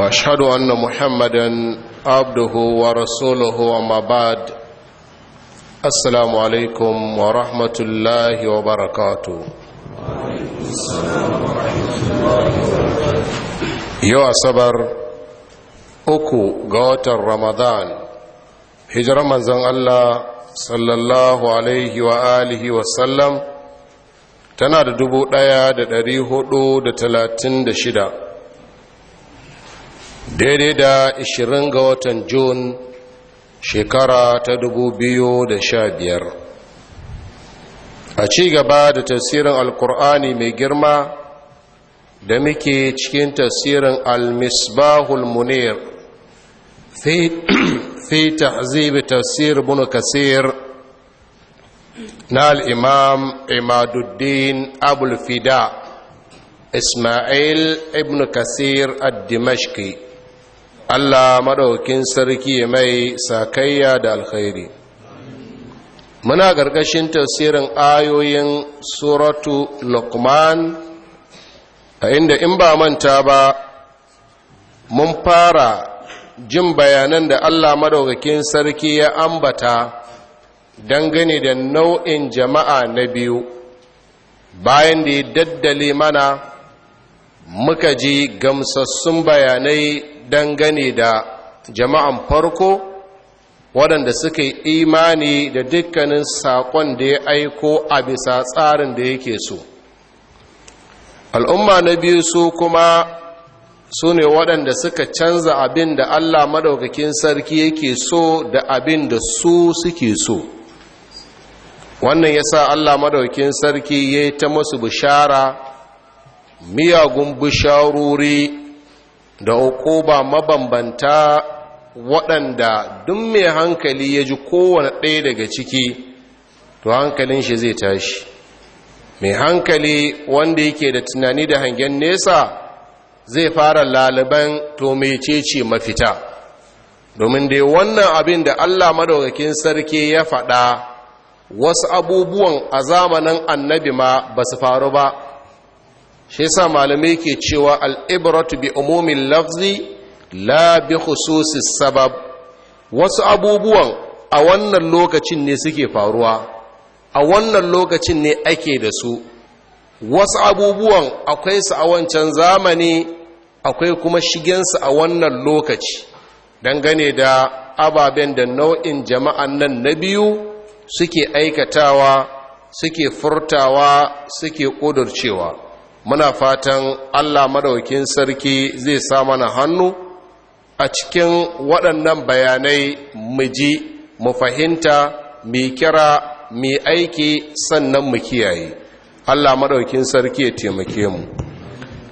واشهد ان محمدا عبده ورسوله وما بعد السلام عليكم ورحمه الله وبركاته yau asabar uku ga watan ramadan hijirar manzan allah sallallahu alaihi wa alihi tana da dubu ɗaya da dari hudu da talatin da shida daidai da 20 ga watan Jun shekara ta da sha biyar, a ci gaba da tasirin alkur'ani mai girma da muke cikin tasirin al-misbahul munir fi tahzib tafsir ibn kasir na al-imam imaduddin abul fida isma'il ibn kasir ad-dimashqi Allah maɗaukin sarki mai sakayya da alkhairi muna gargashin tafsirin ayoyin suratu luqman a inda in ba manta ba mun fara jin bayanan da Allah maɗaukakin sarki ya ambata dangane da nau'in jama'a na biyu bayan da ya daddale mana muka ji gamsassun bayanai dangane da jama'an farko waɗanda suka yi imani da dukkanin saƙon da ya aiko a bisa tsarin da yake so al'umma na biyu su kuma su ne waɗanda suka canza abin da allah maɗaukakin sarki yake so da abin da su suke so wannan ya sa allah maɗaukakin sarki ya yi ta masu bishara miyagun bisharori da ba mabambanta waɗanda duk mai hankali ya ji kowane ɗaya daga ciki to hankalin shi zai tashi mai hankali wanda yake da tunani da hangen nesa zai fara laliban to mecece mafita domin dai wannan abin da allah madaukakin sarki ya faɗa wasu abubuwan a zamanin annabi ma ba su faru ba shi yasa malamai ke cewa al'ibratu bi umumin lafzi la bi khususis sabab wasu abubuwan a wannan lokacin ne suke faruwa a wannan lokacin ne ake da su wasu abubuwan akwai su a wancan zamani akwai kuma shigensu a wannan lokaci dangane da ababen da nau'in jama'an nan na biyu suke aikatawa suke furtawa suke ƙudurcewa muna fatan allah madaukin sarki zai sa mana hannu a cikin waɗannan bayanai mu ji mu fahimta mu kira mu aiki sannan mu kiyaye allah madaukin sarki ya taimake mu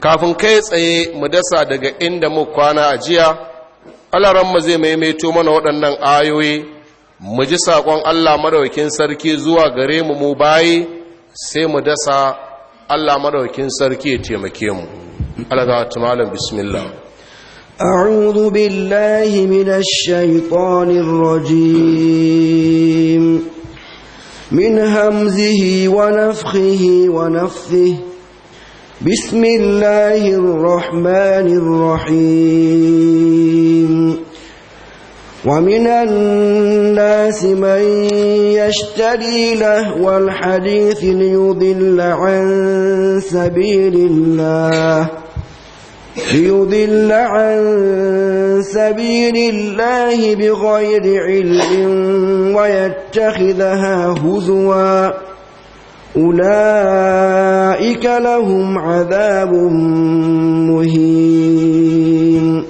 kafin kai tsaye mu dasa daga inda mu kwana a jiya mu zai maimaito mana waɗannan ayoyi mu ji saƙon allah madaukin sarki zuwa gare mu mu bayi sai mu dasa Allah madaukin sarki ya taimake mu Allah ta malam bismillah أعوذ بالله من الشيطان الرجيم من همزه ونفخه ونفثه بسم الله الرحمن الرحيم ومن الناس من يشتري لهو الحديث ليضل عن سبيل الله ليضل عن سبيل الله بغير علم ويتخذها هزوا أولئك لهم عذاب مهين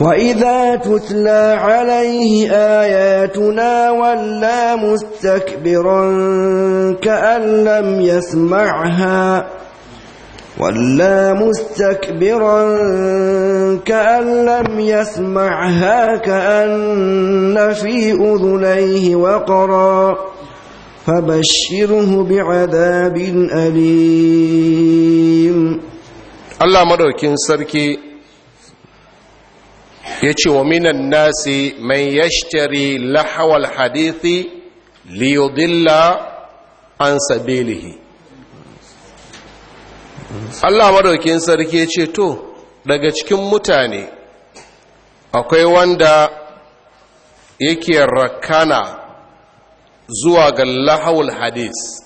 وَإِذَا تُتْلَى عَلَيْهِ آيَاتُنَا وَلَّى مُسْتَكْبِرًا كَأَن لَّمْ يَسْمَعْهَا وَلَّى مُسْتَكْبِرًا كَأَن لَّمْ يَسْمَعْهَا كَأَنَّ فِي أُذُنَيْهِ وَقْرًا فَبَشِّرْهُ بِعَذَابٍ أَلِيمٍ الله مدوكين سركي ya ce wa minan nasi mai yashtari lahawar hadithi liyodilla an sabilihi Allah madaukin sarki ce to daga cikin mutane akwai wanda yake rakana zuwa ga lahawar hadith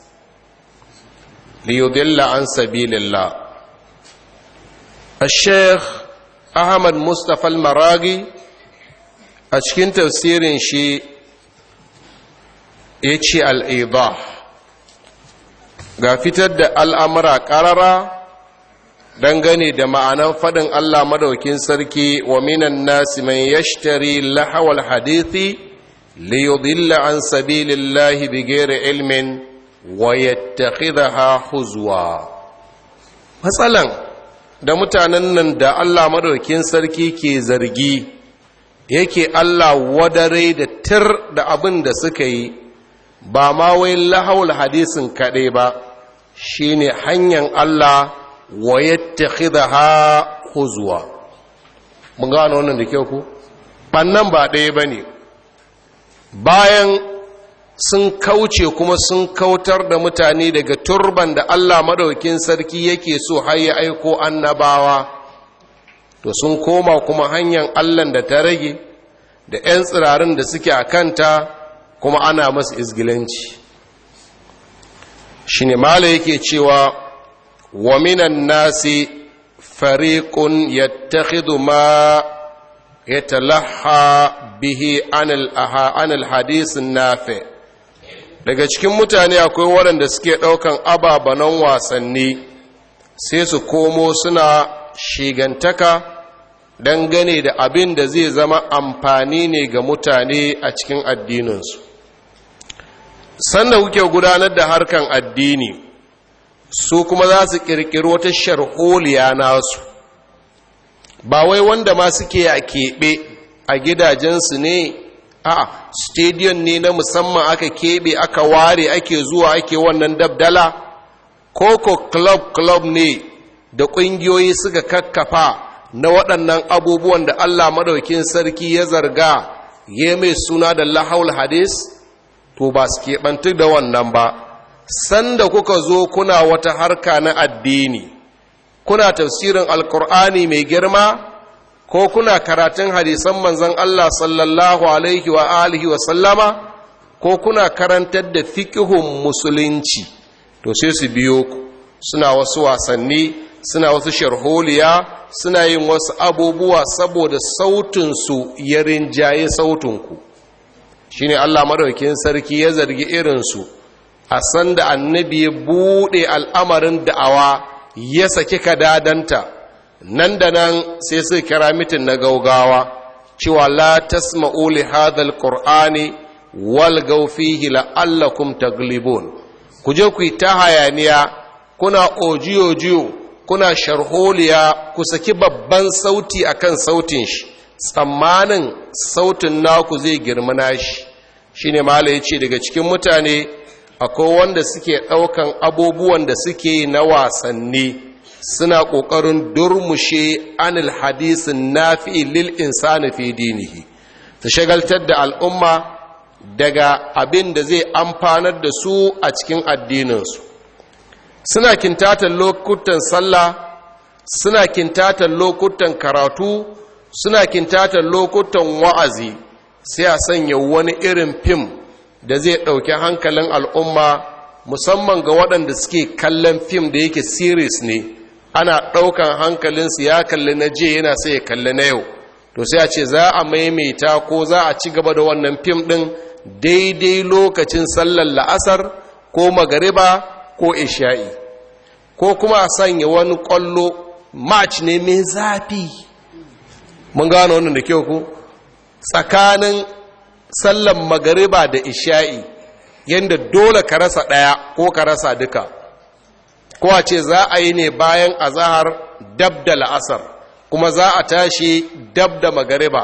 liyodilla an sabilillah sheikh ahmad mustapha maragi a cikin tafsirin shi ya ce al'ida ga fitar da al'amura ƙarara dangane da ma'anan faɗin Allah madaukin sarki wa minan nasi mai yashtari lahawar hadithi liyudilla an sabilillahi bigere ilmin wa yattakhidha huzwa matsalan da mutanen nan da Allah madaukakin sarki ke zargi yake Allah wadare da tir da abin da suka yi ba ma wai lahawul hadisin kaɗai ba shine hanyar Allah wa yattakhidha huzwa mun gano wannan da kyau ku bannan ba ɗaya bane bayan sun kauce kuma sun kautar da mutane daga turban da Allah madaukin sarki yake so har ya aiko annabawa to sun koma kuma hanyar Allah da ta rage da 'yan tsirarin da suke a kanta kuma ana masu izgilanci shi ne mala yake cewa wa minan nasi ya ta ma ya bihi anil anil daga cikin mutane akwai waɗanda suke ɗaukan ababanan wasanni sai su komo suna shigantaka dangane da abin da zai zama amfani ne ga mutane a cikin addininsu sannan kuke gudanar da harkan addini su kuma za su ƙirƙiro ta sharholiya nasu ba wai wanda ma suke a keɓe a gidajensu ne a stadium ne na musamman aka keɓe aka ware ake zuwa ake wannan dabdala koko club club ne da ƙungiyoyi suka kakkafa na waɗannan abubuwan da allah maɗaukin sarki ya zarga ya mai suna da lahaul hadis to ba su keɓantar da wannan ba sanda kuka zo kuna wata harka na addini kuna tafsirin alkur'ani mai girma ko kuna karatun hadisan manzon Allah sallallahu alaihi wa alihi wa sallama ko kuna karantar da fikihun musulunci to sai su biyo ku suna wasu wasanni suna wasu sharholiya suna yin wasu abubuwa saboda sautinsu ya rinjaye sautinku ne Allah madaukin sarki ya zargi irinsu a sanda annabi ya buɗe al'amarin da'awa ya saki kadadanta nan da nan sai su kira mitin na gaugawa cewa la tasma'u li hadhal qur'ani wal gaufihi la'allakum taglibun ku je ku ta hayaniya kuna ojiyo-jiyo kuna sharholiya ku saki babban sauti akan sautin shi tsammanin sautin naku zai girma shi shine mala yace daga cikin mutane akwai wanda suke ɗaukan abubuwan da suke na wasanni suna ƙoƙarin durmushe anil hadisin nafi lil insani fi dinihi ta shagaltar da al'umma daga abin da zai amfanar da su a cikin addininsu suna kintatan lokutan sallah suna kintatan lokutan karatu suna kintata lokutan wa'azi sai a sanya wani irin fim da zai ɗauki hankalin al'umma musamman ga waɗanda suke kallon fim da yake series ne ana ɗaukan hankalinsu ya kalli na jiya yana sai ya kalli na yau to sai a ce za a maimaita ko za a ci gaba da wannan fim ɗin daidai lokacin sallar la'asar ko magariba ko isha'i ko kuma a sanya wani ƙwallo March ne mai zafi mun gano wannan da kyau ku tsakanin sallar magariba da isha'i yadda dole ka rasa ɗaya ko ka rasa duka kowa ce za a yi ne bayan azahar dab da la'asar kuma za a tashi dab da magariba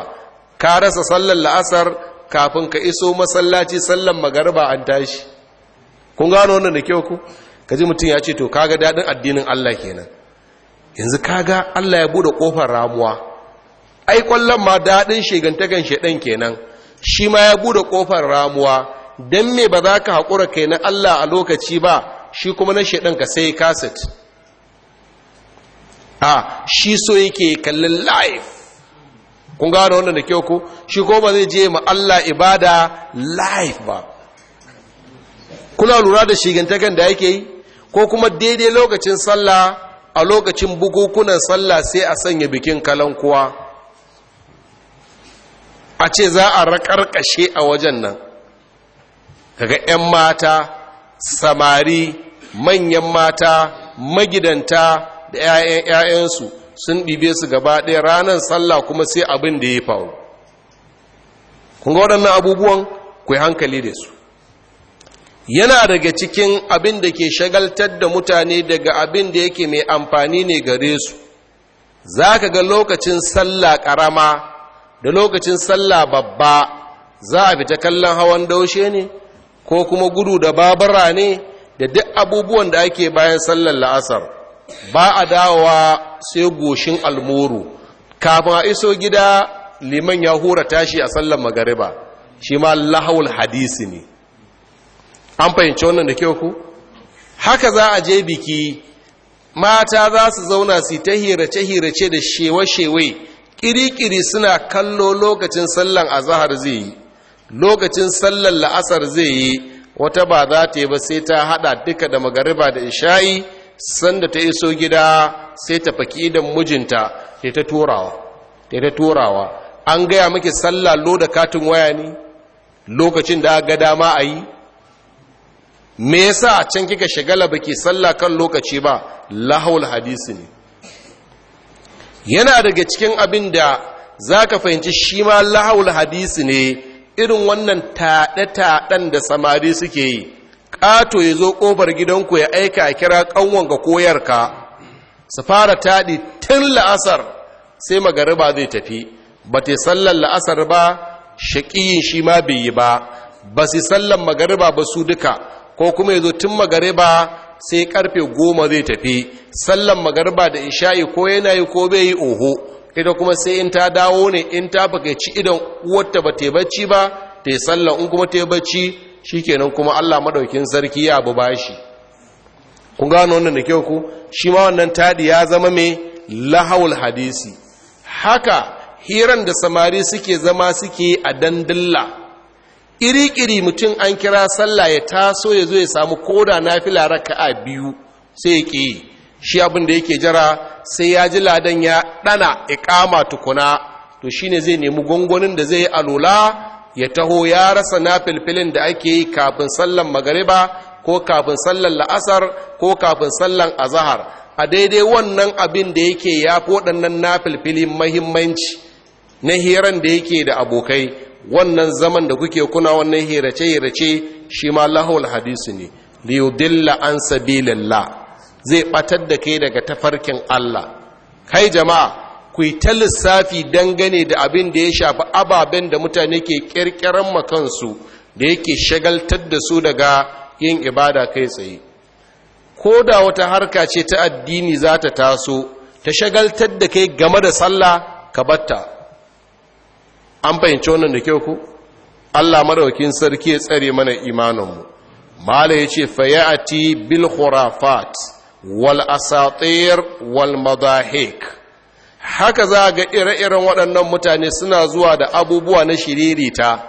ka rasa sallar la'asar kafin ka iso masallaci sallar magariba an tashi kun gano wannan da kyau ku ji mutum ya ce to kaga daɗin addinin Allah kenan yanzu kaga Allah ya buɗe ƙofar ramuwa ai kwallon ma daɗin shigantakan shaɗan kenan shi ma ya buɗe ƙofar ramuwa don me ba za ka haƙura kai na Allah a lokaci ba shi kuma na shaidan ka sai kaset a shi so yake kallon live kun gano wannan da kyau ku shi ko ba zai je ma Allah ibada live ba kuna lura da shigantakan da yake yi ko kuma daidai lokacin sallah a lokacin bukukunan sallah sai a sanya bikin kalankuwa a ce za a rakarkashe a wajen nan Daga 'yan mata samari manyan mata magidanta da 'ya'yansu sun ɗibe su gaba ɗaya ranar sallah kuma sai abin da ya faru kun waɗannan abubuwan ku hankali da su yana daga cikin abin da ke shagaltar da mutane daga abin da yake mai amfani ne gare su za ka ga lokacin sallah ƙarama da lokacin sallah babba za a fita kallon hawan daushe ne ko kuma gudu da babura ne da duk abubuwan da ake bayan sallar la'asar ba a dawowa sai goshin almuru kafin a iso gida liman ya hura tashi a sallar magariba shi ma lahawul hadisi ne an fahimci wannan da kyau ku haka za a je biki mata za su zauna su ta hirace-hirace da shewa-shewe ƙiri-ƙiri suna kallo lokacin sallan azahar zai yi lokacin sallar la'asar zai yi wata ba za ta yi ba sai ta haɗa duka da magariba da isha'i sanda ta iso gida sai ta faki idan mijinta ta ta turawa an gaya miki sallah lo da katin waya ne lokacin da ga dama a yi me yasa can kika shagala baki sallah kan lokaci ba lahawul hadisi ne yana daga cikin abin da za ka fahimci shi ma lahawul hadisi ne irin wannan taɗe-taɗen da samari suke yi ƙato ya zo ƙofar gidanku ya aika a kira ƙanwanka koyarka su fara taɗi tun la'asar sai magariba zai tafi ba ta sallar la'asar ba shaƙiyin shi ma bai yi ba ba su sallar magariba ba su duka ko kuma ya zo tun magariba sai karfe goma zai tafi sallar magariba da isha'i ko yana yi ko bai yi oho ita kuma sai in ta dawo ne in ta ci idan uwarta ba ta bacci ba ta yi sallah in kuma ta bacci shikenan kuma Allah maɗaukin sarki ya abu bashi kun gano wannan da kyau ku shi ma wannan tadi ya zama mai lahawul hadisi haka hiran da samari suke zama suke a dandalla iri-iri mutum an kira sallah ya taso ya zo ya samu koda na fila raka'a biyu sai ya ƙi shi abin da yake jara sai ya ji ladan ya ɗana ikama tukuna to shine zai nemi gongonin da zai yi alula ya taho ya rasa na filfilin da ake yi kafin sallan magariba ko kafin sallan la'asar ko kafin sallan azahar a daidai wannan abin da yake ya fi waɗannan na filfili mahimmanci na hiran da yake da abokai wannan zaman da kuke kuna wannan hirace-hirace shi ma lahul hadisu ne liyudilla an sabilillah zai batar da kai daga tafarkin Allah kai jama'a ku yi ta lissafi dangane da abin da ya shafi ababen da mutane ke kirkiran makansu da yake shagaltar da su daga yin ibada kai tsaye ko da wata harka ce ta addini za ta taso ta shagaltar da kai game da sallah ka batta an fahimci wannan da kyau ku Allah maraukin sarki ya tsare mana imaninmu mala ya ce fayati bil khurafat wal asatir haka za ga ire-iren waɗannan mutane suna zuwa da abubuwa na shiririta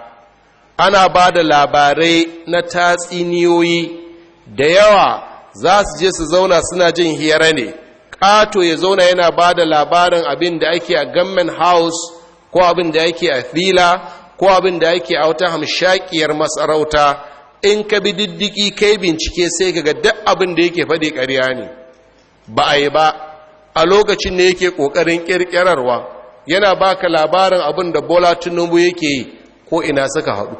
ana ba da labarai na tatsiniyoyi da yawa za su je su zauna suna jin hira ne ƙato ya zauna yana ba da labarin abin da ake a gammen house ko abin da ake a fila ko abin da ake a wata hamshakiyar masarauta in ka bi diddiki kai bincike sai ga duk abinda yake faɗi ƙarya ne ba a yi ba a lokacin da yake ƙoƙarin ƙirƙirarwa yana ba ka labarin abin da bola tinubu yake yi ko ina suka haɗu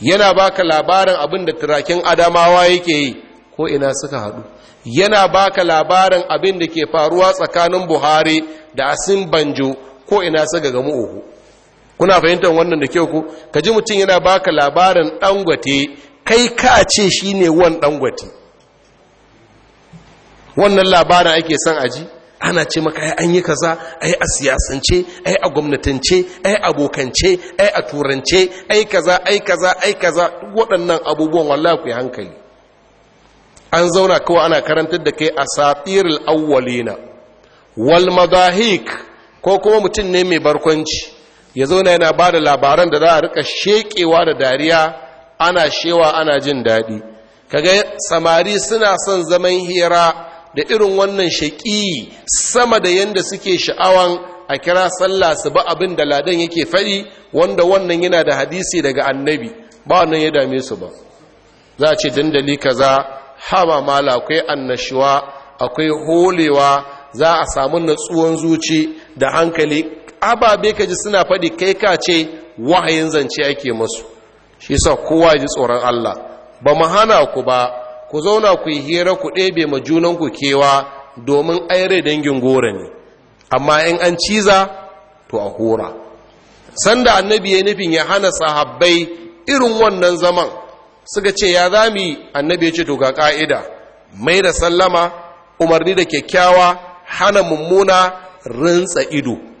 yana ba ka labarin abin da turakin adamawa yake yi ko ina suka haɗu yana ba ka labarin abinda ke faruwa tsakanin buhari da asin banjo ko ina suka gamu uku kuna fahimtar wannan da kyau ku ka ji mutum yana baka labarin dangote kai ka ce shi ne wan dangote wannan labarin ake son ji ana ce maka ai an yi kaza ai a siyasance ai a gwamnatance ai abokance ai a turance ai kaza ai kaza ai kaza waɗannan abubuwan wallahi ku hankali an zauna kawai ana karantar da kai a satiril awwalina wal madahik ko kuma mutum ne mai barkwanci ya zauna yana ba da labaran da za a rika shekewa da dariya ana shewa ana jin daɗi kaga samari suna son zaman hira da irin wannan shaƙi sama da yadda suke sha'awan a kira sallah su ba abin da ladan yake faɗi wanda wannan yana da hadisi daga annabi ba wannan ya dame su ba za a ce dandali kaza hama mala akwai annashuwa akwai holewa za a samu natsuwan zuci da hankali ababe ka ji suna faɗi kai ka ce wahayin zance ake masu shi sa kowa ji tsoron Allah ba mu hana ku ba ku zauna ku yi hira ku ɗebe ma junan ku kewa domin aire dangin gora ne amma in an ciza to a hura. sanda annabi ya nufin ya hana sahabbai irin wannan zaman suka ce ya zami annabi ya ce to ga ka'ida mai da sallama umarni da kyakkyawa hana mummuna rintsa ido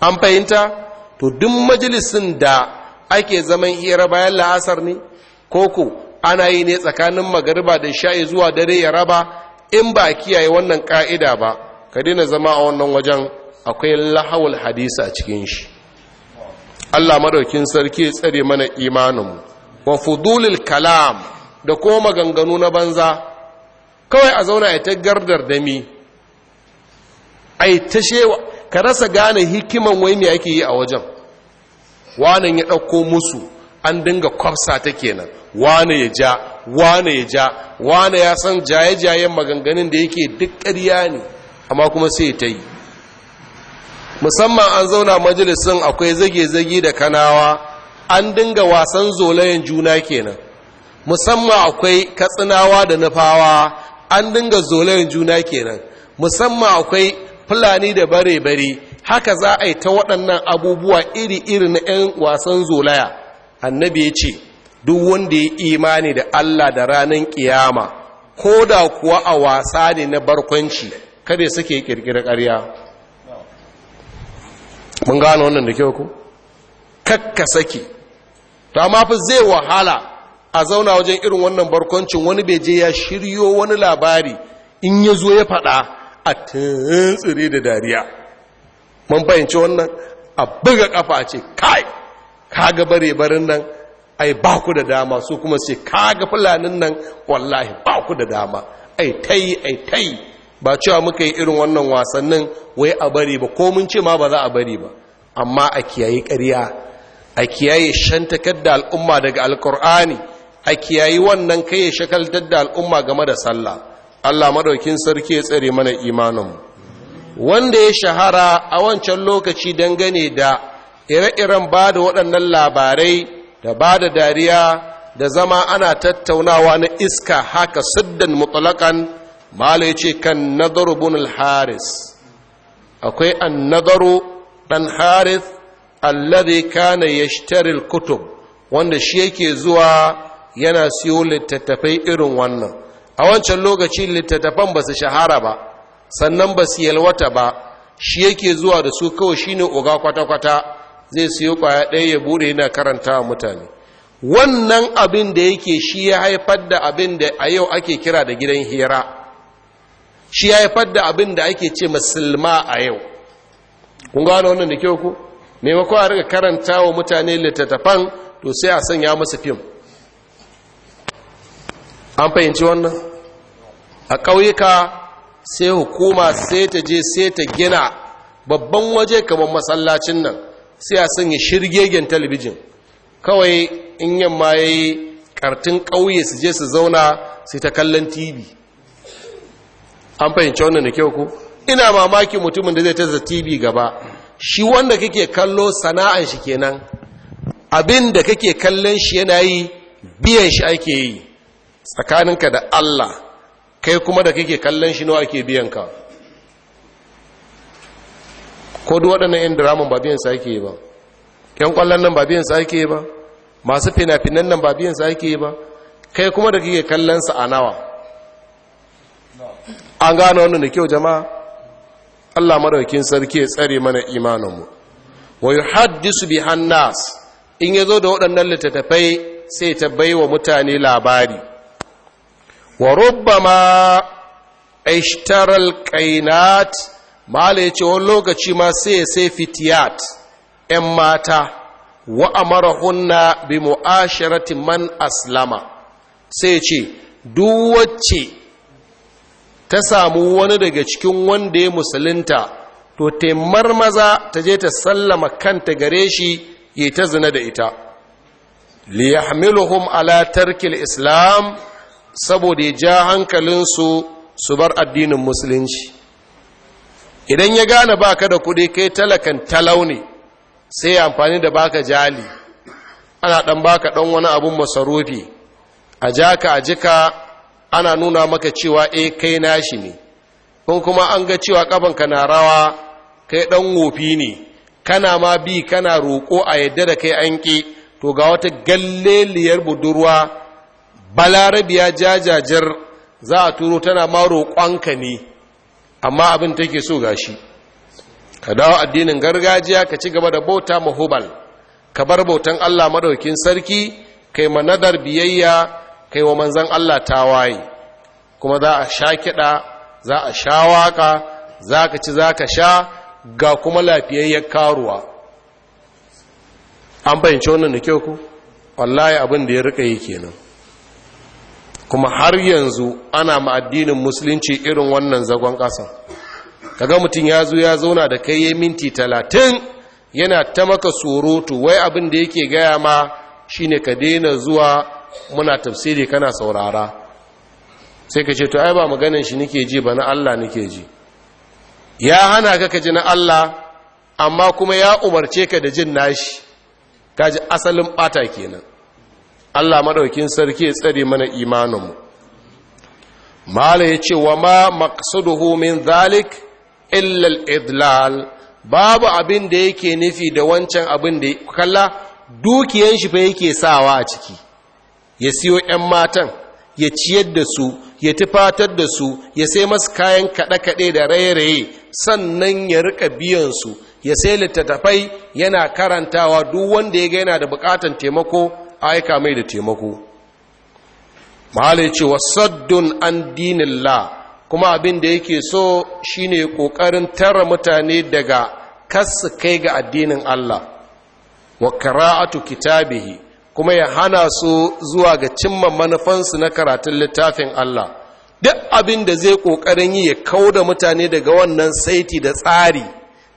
an fahimta to duk majalisin da ake zaman hira bayan la'asar ne koko ana yi ne tsakanin magariba da sha'i zuwa dare ya raba in ba kiyaye wannan ka'ida ba ka daina zama a wannan wajen akwai lahawul hadisa a cikin shi Allah madaukin sarki ya tsare mana imanin wa fudulil kalam da kuma maganganu na banza kawai a zauna a ta gardar dami a ta shewa ka rasa gane hikiman wai me ake yi a wajen wanan ya ɗauko musu an dinga kwafsa ta kenan wane ya ja wane ya ja wane ya san jaye-jayen maganganun da yake duk ƙarya ne amma kuma sai ta yi musamman an zauna majalisun akwai zage-zage da kanawa an dinga wasan zolayen juna kenan musamman akwai katsinawa da nufawa an dinga zolayen juna kenan musamman akwai fulani da bare-bare haka za a yi ta waɗannan abubuwa iri-iri na 'yan wasan zolaya annabi ya ce duk wanda ya imani da allah da ranar ƙiyama ko da kuwa a wasa ne na barkwanci kada suke ƙirƙirar ƙarya mun gano wannan da kyau ku kakka sake to amma zai wahala a zauna wajen irin wannan barkwancin wani bai je ya shiryo wani labari in ya zo ya faɗa a tsiri da dariya mun bayanci wannan a buga kafa ce kai kaga bare barin nan ai ba ku da dama su kuma ce kaga fulanin nan wallahi ba ku da dama ai tai ai tai ba cewa muka yi irin wannan wasannin wai a bari ba ko mun ce ma ba za a bari ba amma a kiyaye ƙarya a kiyaye shantakar da al'umma daga alkur'ani a kiyaye wannan kai ya shakaltar da al'umma game da sallah Allah maɗaukin sarki ya tsare mana imaninmu wanda ya shahara a wancan lokaci dangane da ire-iren ba da waɗannan labarai da ba da dariya da zama ana tattaunawa na iska haka siddan mutalakan malai ce kan nazaru bunul haris akwai an nazaru ɗan haris alladhi kana yashtaril kutub wanda shi yake zuwa yana siyo littattafai irin wannan a wancan lokaci littattafan ba su shahara ba sannan ba su yalwata ba shi yake zuwa da su kawai shi ne oga kwata-kwata zai siyo kwaya ɗaya ya bude yana karanta wa mutane wannan abin da yake shi ya haifar da abin da a yau ake kira da gidan hira shi ya haifar da abin da ake ce musulma a yau kun gano wannan da kyau ku maimakon a riga karanta wa mutane littattafan to sai a sanya musu fim an fahimci wannan a ƙauyuka sai hukuma sai ta je sai ta gina babban waje kamar masallacin nan sai a sanya shirgegen talabijin kawai in yamma ya yi ƙartin ƙauye su je su zauna sai ta kallon tv an fahimci wannan da kyau ku ina mamaki mutumin da zai ta taza tv gaba shi wanda kake kallo sana'an shi kenan abin da kake kallon shi yana yi biyan shi ake yi tsakaninka da allah kai kuma da kake kallon shi nawa ake biyan ka ko duk waɗannan yan diraman ba biyan sa ake ba yan kwallon nan ba biyan sa ake ba masu fina-finan nan ba biyan sa ake ba kai kuma da kake kallon sa a nawa an gano wannan da kyau jama'a Allah madaukin sarki ya tsare mana imaninmu wa yuhaddisu bihan nas in yazo da waɗannan littattafai sai ta baiwa mutane labari wa rubbama ishtaral qainat mala yace wani lokaci ma sai sai fitiyat 'yan mata wa amarahunna bi mu'asharati man aslama sai ce duk wacce ta samu wani daga cikin wanda ya musulunta to taimar maza ta je ta sallama kanta gare shi ya ta zina da ita liyahmiluhum ala tarkil islam saboda ya ja hankalinsu su bar addinin musulunci idan ya gane baka da kuɗi kai talakan talau ne sai ya amfani da baka jali ana ɗan baka ɗan wani abun masarufi a jaka a jika ana nuna maka cewa e kai nashi ne kun kuma an ga cewa ƙafanka na rawa kai ɗan wofi ne kana ma bi kana roƙo a yadda da kai an ƙi to ga wata galleliyar budurwa balarabiya jajajar za a turo tana ma roƙonka ne amma abin take so gashi ka dawo addinin gargajiya ka ci gaba da bauta mahubal ka bar bautan Allah madaukin sarki kai ma nadar biyayya kai wa manzan Allah tawaye kuma za a sha kiɗa za a sha waka, za ka ci za ka sha ga kuma lafiyayyar karuwa an bayyance wannan da kyau ku wallahi abin da ya riƙa yi kenan kuma har yanzu ana ma addinin musulunci irin wannan zagon ƙasa kaga mutum ya zo ya zauna da kai ya minti talatin yana ta maka surutu wai abin da yake gaya ma shine ka daina zuwa muna tafsiri kana saurara sai ka ce to ai ba maganin shi nake ji ba na Allah nike ji ya hana ka ka ji na Allah amma kuma ya umarce ka da jin nashi Ka ji asalin bata kenan Allah maɗaukin sarki ya tsare mana imaninmu mala ya ce wa ma maqsaduhu min zalik Illal al-idlal babu abin da yake nufi da wancan abin da kalla dukiyan shi fa yake sawa a ciki ya siyo 'yan matan ya ciyar da su ya tufatar da su ya sai masu kayan kaɗe-kaɗe da raye-raye sannan ya rika su ya sai littattafai yana karantawa duk wanda ya ga yana da buƙatar taimako aika mai da taimako mahala ce wasaddun an La kuma abin da yake so shine ƙoƙarin tara mutane daga kasu kai ga addinin Allah wa qira'atu tabihi, kuma ya hana su zuwa ga cimma manufansu na karatun littafin Allah duk abin da zai ƙoƙarin yi ya kauda mutane daga wannan saiti da tsari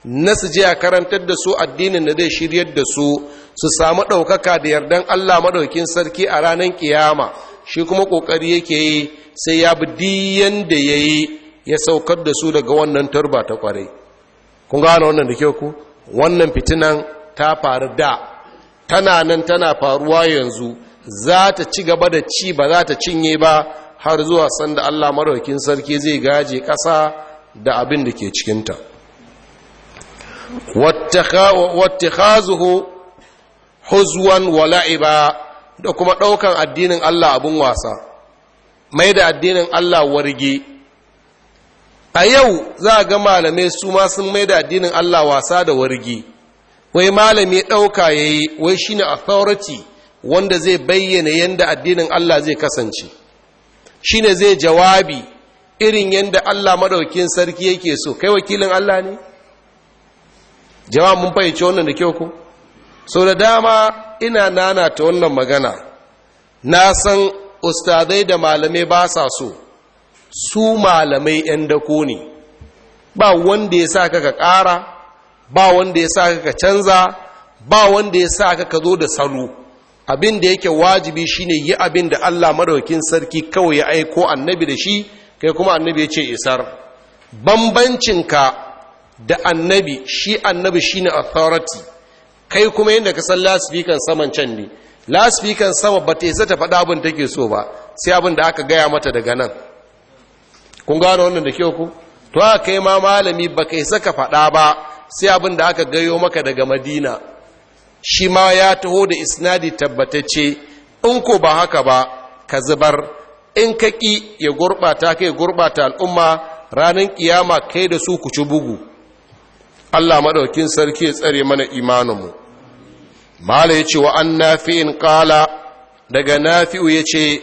na su je a karantar da su addinin da zai shiryar da su su samu ɗaukaka da yardan Allah maɗaukin sarki a ranar ƙiyama shi kuma ƙoƙari yake yi sai ya bi diyan da ya yi ya saukar da su daga wannan turba ta ƙwarai kun gane wannan da kyau ku wannan fitinan ta faru da tana nan tana faruwa yanzu za ta ci gaba da ci ba za ta cinye ba har zuwa sanda Allah maɗaukin sarki zai gaje ƙasa da abin da ke cikinta واتخاذه huzwan wa la'iba da kuma ɗaukan addinin Allah abun wasa mai da addinin Allah warge a yau za a ga malamai su ma sun mai da addinin Allah wasa da warge wai malami ɗauka ya yi wai shine ne authority wanda zai bayyana yadda addinin Allah zai kasance shine zai jawabi irin yadda Allah maɗaukin sarki yake so kai wakilin Allah ne jawabin mun fahimci wannan da kyau ko sau da dama ina nana ta wannan magana na san ustazai da malamai ba sa so su malamai 'yan dako ne ba wanda ya sa ka ƙara ba wanda ya sa ka canza ba wanda ya sa ka zo da salo abin da yake wajibi shine yi abin da Allah madaukin sarki kawai ya aiko annabi da shi kai kuma annabi ya ce isar bambancinka da annabi shi annabi shine authority kai kuma yadda ka san lasifikan saman can ne Lasifikan sama ba ta isa ta faɗa abin take so ba sai abin da aka gaya mata daga nan kun gano wannan da kyau ku to aka kai ma malami ba ka isa ka faɗa ba sai abin da aka gayo maka daga madina shi ma ya taho da isnadi tabbatacce in ko ba haka ba ka zubar in ka ya gurbata ka ya gurɓata al'umma ranar ƙiyama kai da su ku ci bugu Allah maɗaukin sarki ya tsare mana imaninmu mala ya ce wa an nafi'in ƙala daga nafi'u ya ce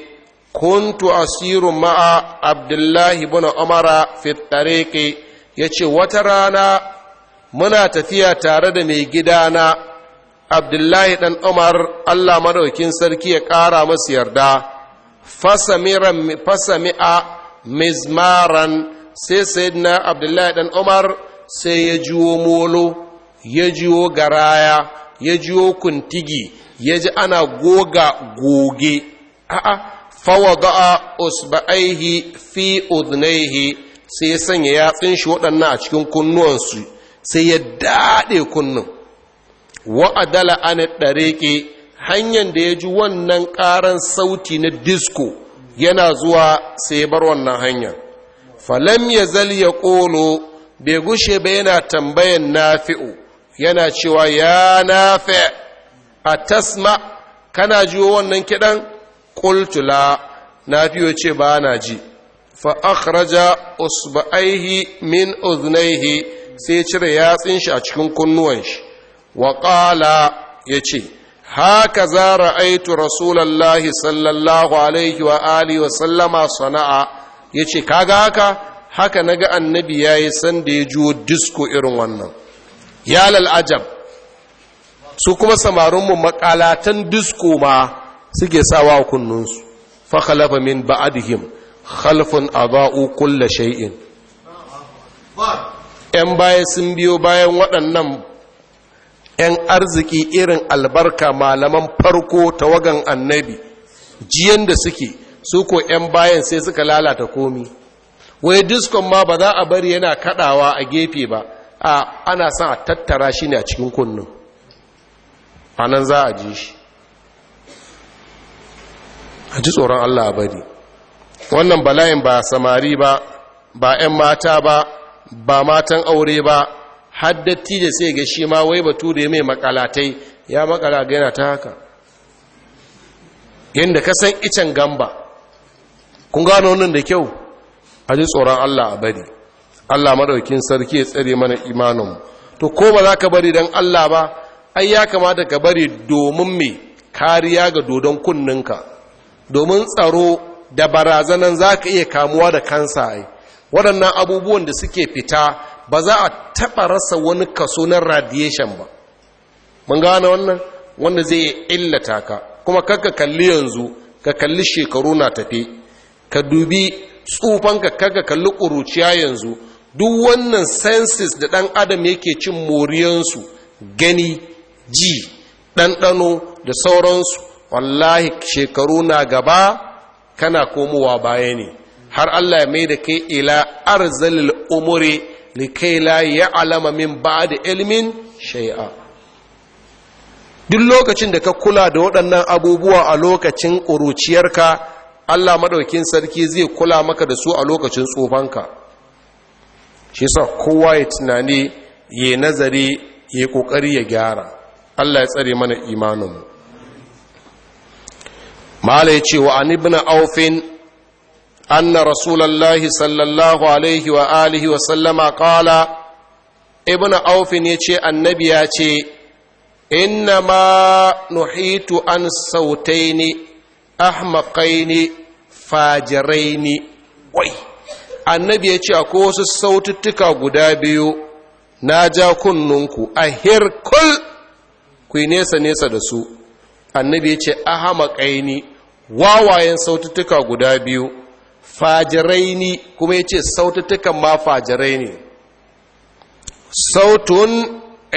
kuntu asirun ma'a abdullahi bin umara fitareke ya ce wata rana muna tafiya tare da mai gidana abdullahi ɗan umar allah madaukin sarki ya ƙara masu yarda fasami'a mizmaran sai sayyidina abdullahi ɗan umar sai ya jiwo molo ya jiwo garaya ya jiyo kuntigi ya ji ana goga goge a'a fawada'a usba'aihi fi udnaihi sai ya sanya yatsun shi waɗannan a cikin kunnuwansu sai ya daɗe kunnun wa'adala an ɗareƙe hanyar da ya ji wannan ƙaran sauti na disco yana zuwa sai bar wannan hanyar falam ya zal ya ƙolo bai gushe ba yana tambayan nafi'u yana cewa ya nafe a tasma kana jiwo wannan kiɗan ƙultula na fiye ce ba na ji faakraja usba'aihi min uznaihi sai cire yatsin shi a cikin kunnuwan shi wa ƙala ya ce haka za ra'aitu rasulallahi sallallahu alaihi wa alihi wa sallama sana'a ya ce kaga haka haka na ga annabi ya yi sanda ya juwo disko irin wannan ya lal'ajab su kuma samarinmu makalatan disko ma suke sawa kunnunsu fakalafa min ba'adihim khalfun ba'u kulla shai'in yan baya sun biyo bayan waɗannan yan arziki irin albarka malaman farko tawagan annabi jiyan da suke su ko yan bayan sai suka lalata komi wai diskon ma ba za a bari yana kadawa a gefe ba a ana son a tattara shi ne a cikin kunnin a nan za a ji shi a ji tsoron allah a bari wannan bala'in ba samari ba ba 'yan mata ba ba matan aure ba haddatti da sai ga shi ma wai batu da mai makalatai ya makala gaina ta haka yadda ka san icen gamba kun gano nan da kyau a ji tsoron allah a bari Allah madaukin sarki ya tsare mana imanin to ko ba za ka bari dan Allah ba ai ya kamata ka bari domin me kariya ga dodon kunninka domin tsaro da barazanan za ka iya kamuwa da kansa ai waɗannan abubuwan da suke fita ba za a taɓa rasa wani kaso na radiation ba mun gane wannan wanda zai yi illata ka kuma kakka kalli yanzu ka kalli shekaru na tafe ka dubi tsufanka kakka kalli ƙuruciya yanzu duk wannan senses da ɗan adam yake cin moriyansu gani ji ɗanɗano da sauransu wallahi shekaru na gaba kana komowa baya ne har allah ya mai da kai ila arzalil umuri kai la ya alama min ba da ilimin shai'a duk lokacin da ka kula da waɗannan abubuwa a lokacin ƙuruciyarka allah maɗaukin sarki zai kula maka da su a lokacin tsofanka shi sa kowa ya tunani ya nazari ya ƙoƙari ya gyara Allah ya tsare mana imaninmu mala ya ce wa an ibn aufin anna rasulallahi sallallahu alaihi wa alihi wa sallama kala ibn aufin ya ce annabi ya ce inna ma nuhitu an sautaini ahmaqaini fajiraini wai annabi ya ce akwai wasu saututtuka guda biyu na ja kunnunku a hirkul ku yi nesa-nesa da su annabi ya ce ahama ƙaini wawayen saututtuka guda biyu fajirai ni kuma ya ce saututtukan ma fajirai ne sautun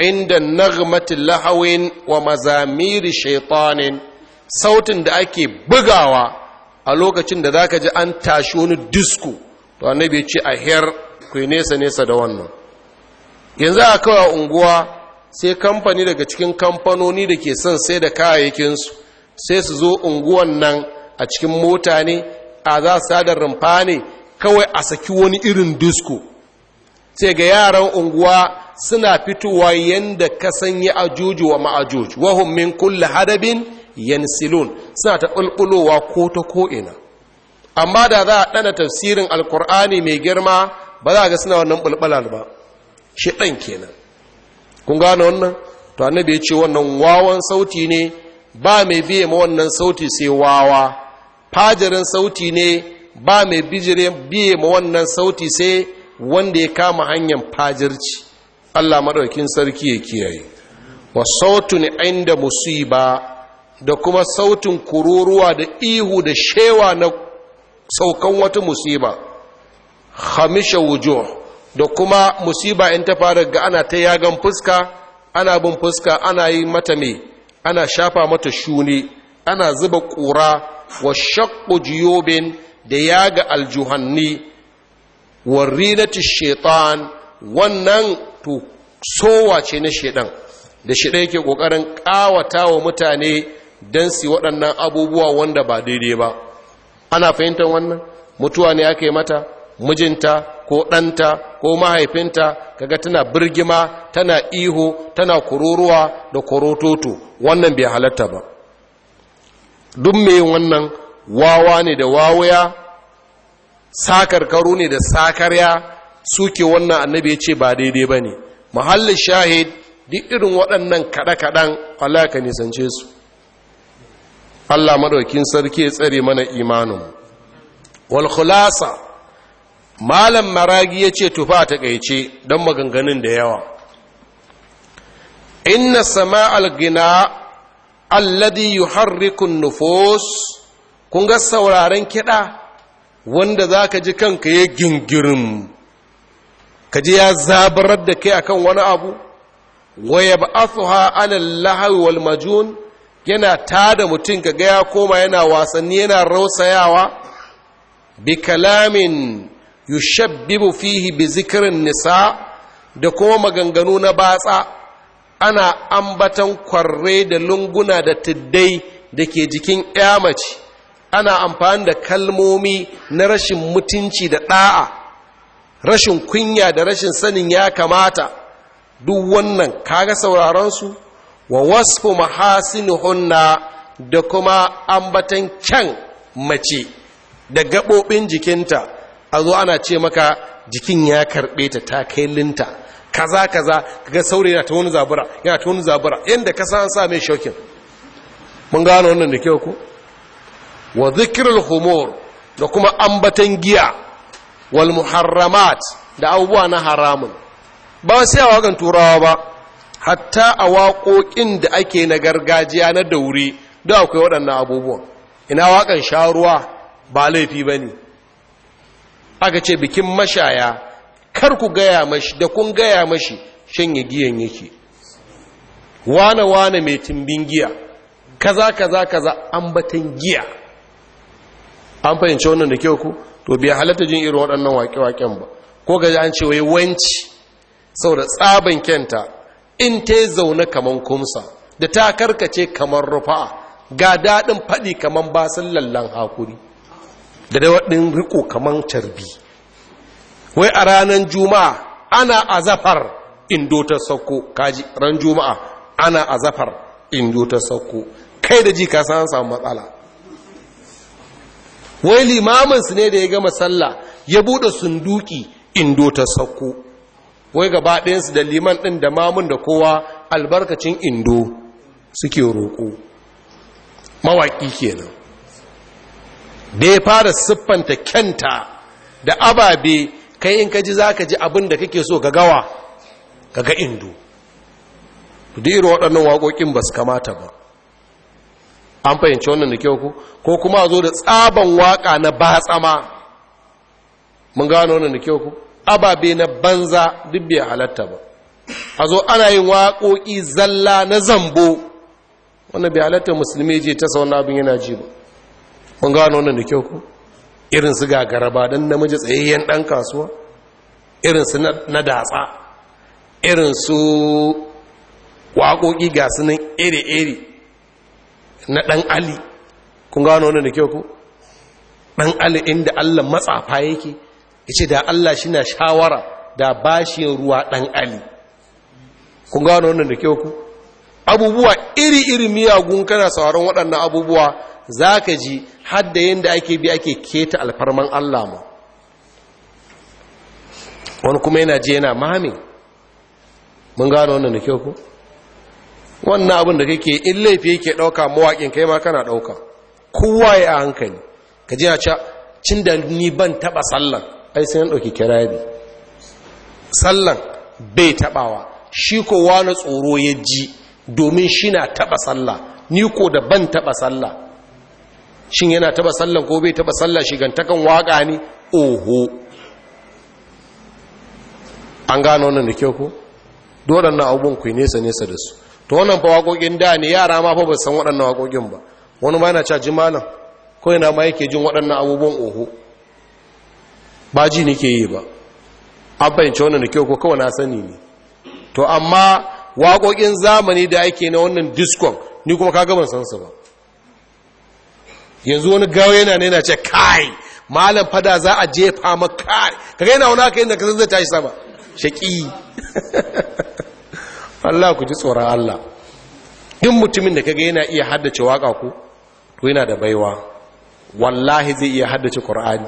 inda nagmatin lahawin wa mazamiri shaitanin sautin da ake bugawa a lokacin da zaka ji an tashi wani disko to annabi ya ce a her ku nesa nesa da wannan yanzu a kawai unguwa sai kamfani daga cikin kamfanoni da ke son sai da kayayyakinsu sai su zo unguwan nan a cikin mota ne a za su sadar rumfa ne kawai a saki wani irin disko sai ga yaran unguwa suna fitowa yanda ka sanya ajoji wa ma'ajoji wahun min kulli hadabin yansilun suna ta bulbulowa ko ta ko'ina amma da za a ɗana tafsirin alkur'ani mai girma ba za a ga suna wannan bulbulan ba shi ɗan kenan kun gane wannan to annabi ya ce wannan wawan sauti ne ba mai biye ma wannan sauti sai wawa fajirin sauti ne ba mai bijire biye ma wannan sauti sai wanda ya kama hanyar fajirci Allah maɗaukin sarki ya kiyaye wa sautun inda musiba da kuma sautin kururuwa da ihu da shewa na saukan wata musiba hamisha wujo da kuma musiba in ta fara ga ana ta yagan fuska ana bin fuska ana yi mata mai, ana shafa mata shuni ana zuba ƙura wa shakku jiyobin da yaga aljuhanni wa rinati shaitan wannan to sowa ce na shaidan da shi yake ƙoƙarin ƙawata wa mutane don si waɗannan abubuwa wanda ba daidai ba ana fahimtar wannan mutuwa ne aka mata mijinta ko ɗanta ko mahaifinta kaga tana birgima tana ihu tana kururuwa da korototo wannan bai halatta ba duk mai wannan wawa ne da wawaya sakarkaru ne da sakarya suke wannan annabi ya ce ba daidai ba ne mahallin shahid duk irin waɗannan kaɗe-kaɗen Allah ka nisance su Allah madaukin sarki ya tsare mana imanin wal khulasa malam maragi ce tufa ta kaice dan maganganun da yawa inna sama'al gina alladhi yuharriku nufus kun ga sauraren kiɗa wanda za ka ji kanka ya gingirin ji ya zabarar da kai akan wani abu wa yab'athuha 'ala al-lahwi wal majun yana tada mutum ka gaya koma yana wasanni yana rausayawa bi kalamin yushabbibu fihi bi zikirin nisa da kuma maganganu na batsa ana ambatan kwarre da lunguna da tiddai da ke jikin mace ana amfani da kalmomi na rashin mutunci da ɗa'a rashin kunya da rashin sanin ya kamata duk wannan kaga sauraron su wa wasfu mahasinuhunna da kuma ambatan can mace da gaɓoɓin jikinta a zo ana ce maka jikin ya karɓe ta ta kai linta kaza kaza ga saurayi yana ta wani zabura yana wani zabura yadda ka san sa mai shokin mun gano wannan da kyau ku wa zikirar Humor da kuma ambatan giya wal muharramat da abubuwa na haramun ba sai a wagan turawa ba hatta a waƙoƙin da ake na gargajiya na daure da akwai waɗannan abubuwan ina waƙan sharuwa ba laifi ba ne aka ce bikin mashaya kar ku gaya mashi da kun gaya mashi shanye giyan yake wane-wane mai timbin giya kaza kaza kaza ambatan giya an fahimci wannan da kyau ku to biya halatta jin irin waɗannan waƙe-waƙen ba ko gaji an ce wai wanci sau da tsaban kenta. in ta zaune kaman kumsa da ta karkace kaman rufa'a ga daɗin faɗi kaman basin lallan hakuri da waɗin riko kaman carbi wai a ranar juma'a ana azafar indo ta sauko kaji ran juma'a ana azafar indo ta sauko kai da ji ka san samu matsala wai limaminsu ne da ya gama sallah ya buɗe sunduki indo ta sauko wai gaba ɗayansu da liman ɗin da mamun da kowa albarkacin indo suke roƙo mawaƙi kenan da ya fara siffanta kyanta da ababe kai in kaji za ka ji abin da kake so ga gawa ga ga indo duk waɗannan waƙoƙin ba su kamata ba an fahimci wannan da kyau ko kuma a zo da tsaban waƙa na batsama mun gano wannan da kyau ku ababe na banza duk bai halatta ba a zo ana yin waƙoƙi zalla na zambo wanda bai halatta musulmi je ta sauna abin yana ji ba kun gano wannan da kyau ku irin su gagaraba don namiji tsayayyen ɗan kasuwa irin su na datsa irin su waƙoƙi ga su nan iri na ɗan ali kun gano wannan da kyau ku ɗan ali inda allah matsafa yake ya ce da Allah shi na shawara da bashin ruwa ɗan ali kun gano wannan da kyau ku abubuwa iri-iri miyagun kana sauran waɗannan abubuwa za ka ji hadda yadda ake bi ake keta alfarman Allah ma? wani kuma yana je yana mahami mun gano wannan da kyau ku wannan abin da kake in laifi yake ɗauka mawaƙin kai ma kana ɗauka kowa ya hankali ka ji na cin da ni ban taɓa sallan ai sai an kira kirari sallan bai taɓawa shi ko wani tsoro ya ji domin shi na taɓa sallah ni ko da ban taɓa sallah shin yana taɓa sallan ko bai taɓa sallah shigantakan waƙa ne oho an gano wannan da kyau ko doron na abubuwan ku nesa nesa da su to wannan fa waƙoƙin da ne yara ma fa ba san waɗannan waƙoƙin ba wani ma yana cajin malam ko yana ma yake jin waɗannan abubuwan oho ba ji ke yi ba an fahimci wannan da kyau ko kawai na sani ne to amma waƙoƙin zamani da ake na wannan diskon ni kuma ka gaban sansa ba yanzu wani gawo yana ne na ce kai malam fada za a jefa ma kai ka gaina wani aka yi da kasan zai tashi sama shaƙi Allah ku ji tsoron Allah duk mutumin da ka kaga yana iya haddace waƙa ku to yana da baiwa wallahi zai iya haddace Qur'ani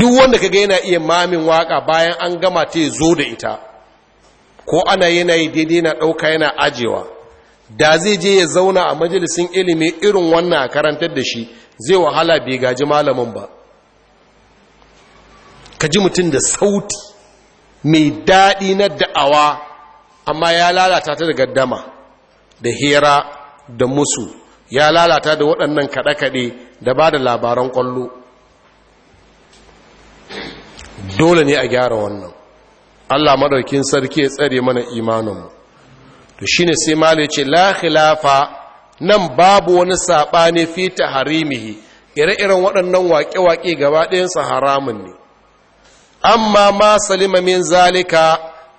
duk wanda kaga yana iya mamin waka bayan an gama ta zo da ita ko ana yanayi daidai na ɗauka yana ajiyewa. da zai je ya zauna a majalisin ilimi irin wannan a karantar da shi zai wahala bai gaji malamin ba ka ji mutum da sauti mai daɗi na da'awa amma ya lalata ta daga dama, da hera da musu ya lalata da waɗannan kaɗe-kaɗe da ba da labaran ƙwallo dole ne a gyara wannan Allah madaukin sarki ya tsare mana imaninmu to shine sai malai ce la khilafa nan babu wani sabani fita harimihi, ire-iren waɗannan waƙe-waƙe gaba ɗayansa haramun ne amma ma salima min zalika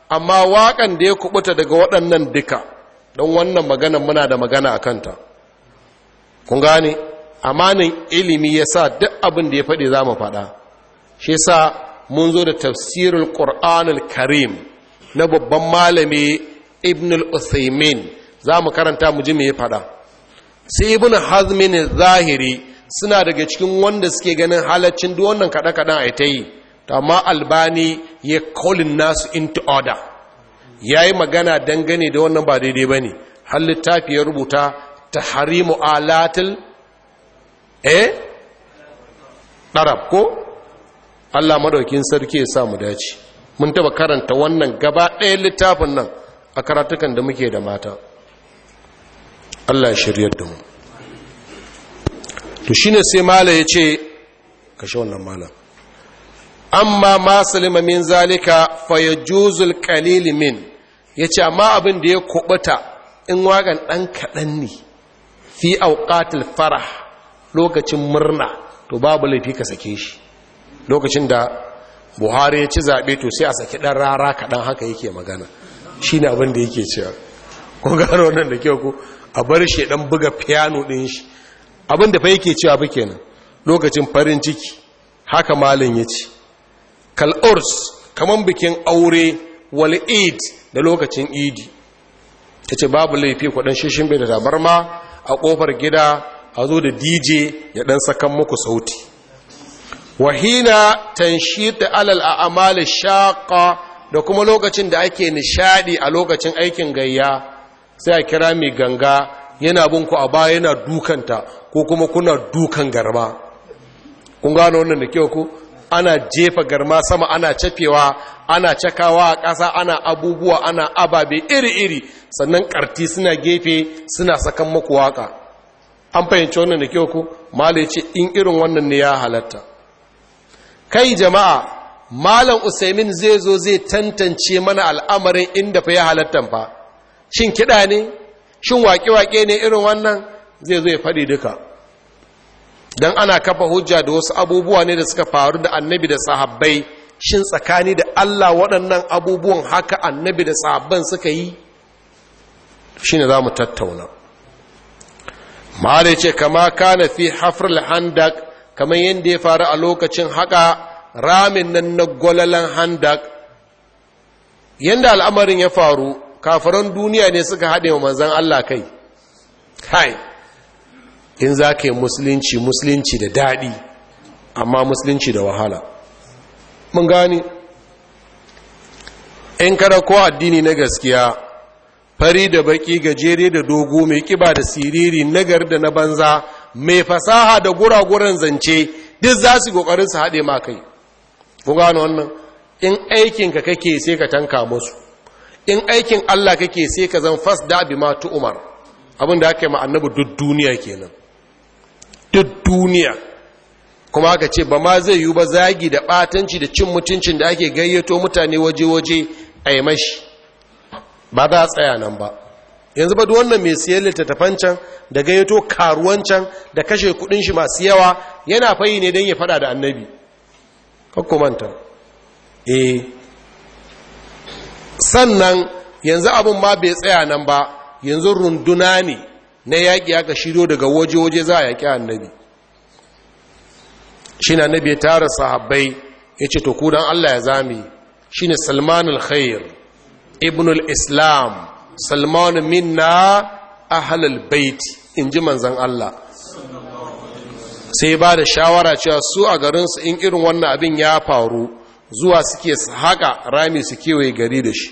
amma waƙan da ya kubuta daga waɗannan duka don wannan magana muna da magana a kanta kun gane amanin ilimi ya sa duk abin da ya faɗi za mu faɗa shi sa mun zo da tafsirul qur'anul karim na babban malami ibn al-usaymin za mu karanta mu ji me ya faɗa sai ibn hazmin zahiri suna daga cikin wanda suke ganin halaccin duk wannan kaɗe-kaɗen a ta yi amma albani ya kolin nasu into order ya yi magana dangane da wannan ba daidai ba ne har littafi ya rubuta ta harimu alatil eh ɗarab ko Allah madaukin sarki ya sa mu dace mun taba karanta wannan gaba ɗayan littafin nan a karatukan da muke da mata Allah ya shiryar da mu to shine sai mala ya ce kashe wannan mala amma ma salima min zalika fa yajuzul qalil min yace amma abin da ya kubuta in wagan dan kadan ne fi awqatil farah lokacin murna to babu laifi ka sake shi lokacin da buhari ya ci zaɓe to sai a saki ɗan rara kaɗan haka yake magana shi ne abin da yake cewa ko gano wannan da kyau ko a bar shi ɗan buga piano ɗin shi abin da fa yake cewa ba kenan lokacin farin ciki haka malin ya ci kal'urs kamar bikin aure wal eid da lokacin idi ta ce babu laifi kuɗin shishin bai da ma a ƙofar gida a zo da dj ya ɗan sakan muku sauti wahina tanshiti alal a a'mali Shaka da kuma lokacin da ake nishadi a lokacin aikin gayya sai a kira mai ganga yana bin ku a baya yana dukanta ko kuma kuna dukan garma kun gano wannan da kyau ku ana jefa garma sama ana cafewa ana cakawa a ƙasa ana abubuwa ana ababe iri-iri sannan ƙarti suna gefe suna sakan maku an fahimci wannan da kyau ku mala ce in irin wannan ne ya halatta kai jama'a malam usaimin zai zo zai tantance mana al'amarin inda fa ya halattan fa shin kiɗa ne shin waƙe-waƙe ne irin wannan zai zo ya faɗi duka don ana kafa hujja da wasu abubuwa ne da suka faru da annabi da sahabbai shin tsakani da allah waɗannan abubuwan haka annabi da sahabban suka yi shi ne za mu tattauna ma'ala ce kama kana fi hafar handak kamar yadda ya faru a lokacin haka ramin nan na gwalalan handak yadda al'amarin ya faru kafaran duniya ne suka haɗe wa manzan Allah kai kai in za ka yi musulunci musulunci da daɗi amma musulunci da wahala mun gani in kada ko addini na gaskiya fari da baki gajere da dogo mai kiba da siriri nagar da na banza mai fasaha da guraguren zance duk za su kokarin su haɗe ma kai ku gano wannan in aikinka kake sai ka tanka musu in aikin Allah kake sai ka zan fas da bi ma tu umar abin da aka yi ma annabi duk duniya kenan duk duniya kuma aka ce ba ma zai yi ba zagi da batanci da cin mutuncin da ake gayyato mutane waje-waje a yi mashi ba za a tsaya nan ba yanzu ba wannan mai siyan littattafan can da gayyato karuwan can da kashe kudin shi masu yawa yana fayi ne don ya fada da annabi hukumanta eh sannan yanzu abin ma bai tsaya nan ba yanzu runduna ne na yaƙi aka shiryo daga waje-waje za a yaƙi annabi shi na annabi ya tara sahabbai ya ce to kudan allah ya zame. shi ne salmanul khair ibn islam salmanu minna ahlal baiti in ji manzan Allah sai ba da shawara cewa su a garinsu in irin wannan abin ya faru zuwa suke haƙa rami su kewaye gari da shi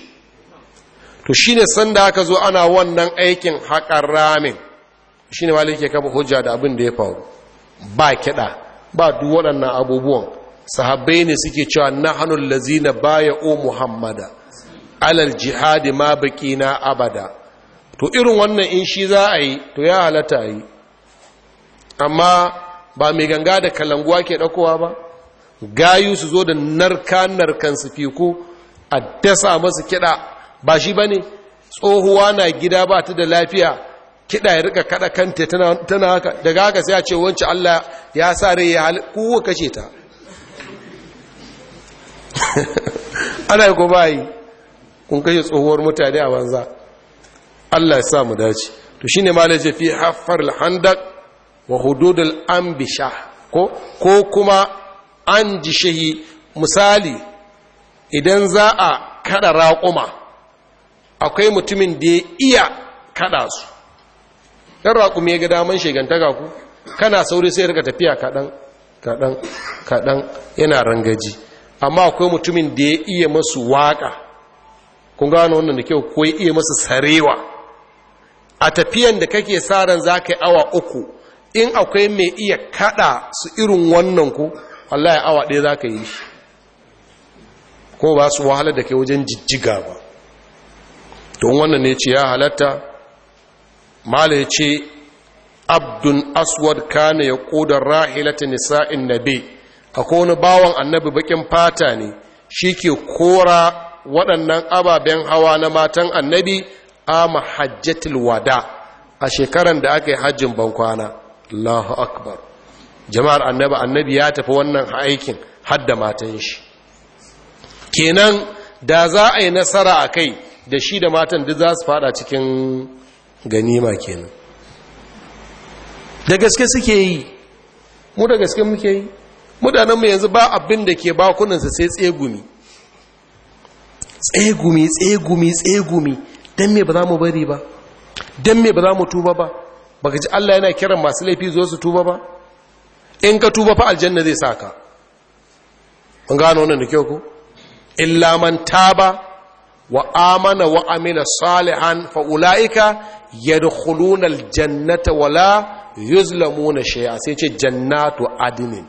to shi ne sanda aka zo ana wannan aikin haƙar ramin shi ne yake kafa hujja da abin da ya faru ba kiɗa ba duk waɗannan abubuwan sahabbai ne suke cewa na hannun lazina baya o muhammada alal jihadi ma na abada to irin wannan in shi za a yi to ya halata yi amma ba mai ganga da kalanguwa ke ɗaukowa ba gayu su zo da narka-narkan su ku a dasa masu kiɗa ba shi ba ne tsohuwa na gida ba ta da lafiya kiɗa ya rika kaɗa kanta tana haka daga haka sai a ce wancan Allah ya sa rai ya hali kuwa kashe ta ana yi ko ba yi kun kashe tsohuwar mutane a banza Allah ya sa mu dace to shine ma laje fi hafar al wa hudud al-ambisha ko kuma an ji shahi misali idan za a kada raƙuma akwai mutumin da ya iya kada su dan raƙumi ya ga daman shegantaka ku kana sauri sai rika tafiya kaɗan kaɗan kaɗan yana rangaji amma akwai mutumin da ya iya masu waƙa kun gano wannan da kyau ko iya masa sarewa a tafiyan da kake sa ran za ka yi awa uku in akwai mai iya kada su irin wannan ku wallahi awa ɗaya za ka yi shi ko ba su wahala da ke wajen jijjiga ba don wannan ne ce ya halatta mala ya ce abdun aswad kana ya kodar rahilata nisa'in nabe a wani bawan annabi bakin fata ne shi ke kora waɗannan ababen hawa na matan annabi a mahajjatul wada a shekaran da aka yi hajjin bankwana Allahu akbar jama'ar annabi annabi ya tafi wannan aikin hadda matan shi kenan da za a yi nasara a kai da shi da matan duk za su fada cikin ganima kenan da gaske suke yi mu da gaske muke yi mutanenmu yanzu ba abin da ke bakunansa sai tsegumi tsegumi tsegumi tsegumi don me ba za mu bari ba don me ba za mu tuba ba baka ji Allah yana kiran masu laifi zo su tuba ba in ka tuba fa aljanna zai saka mun gano wannan da kyau ko illa man taba wa amana wa amila salihan fa ulaika yadkhuluna aljannata wala yuzlamuna shay'a sai ce jannatu adnin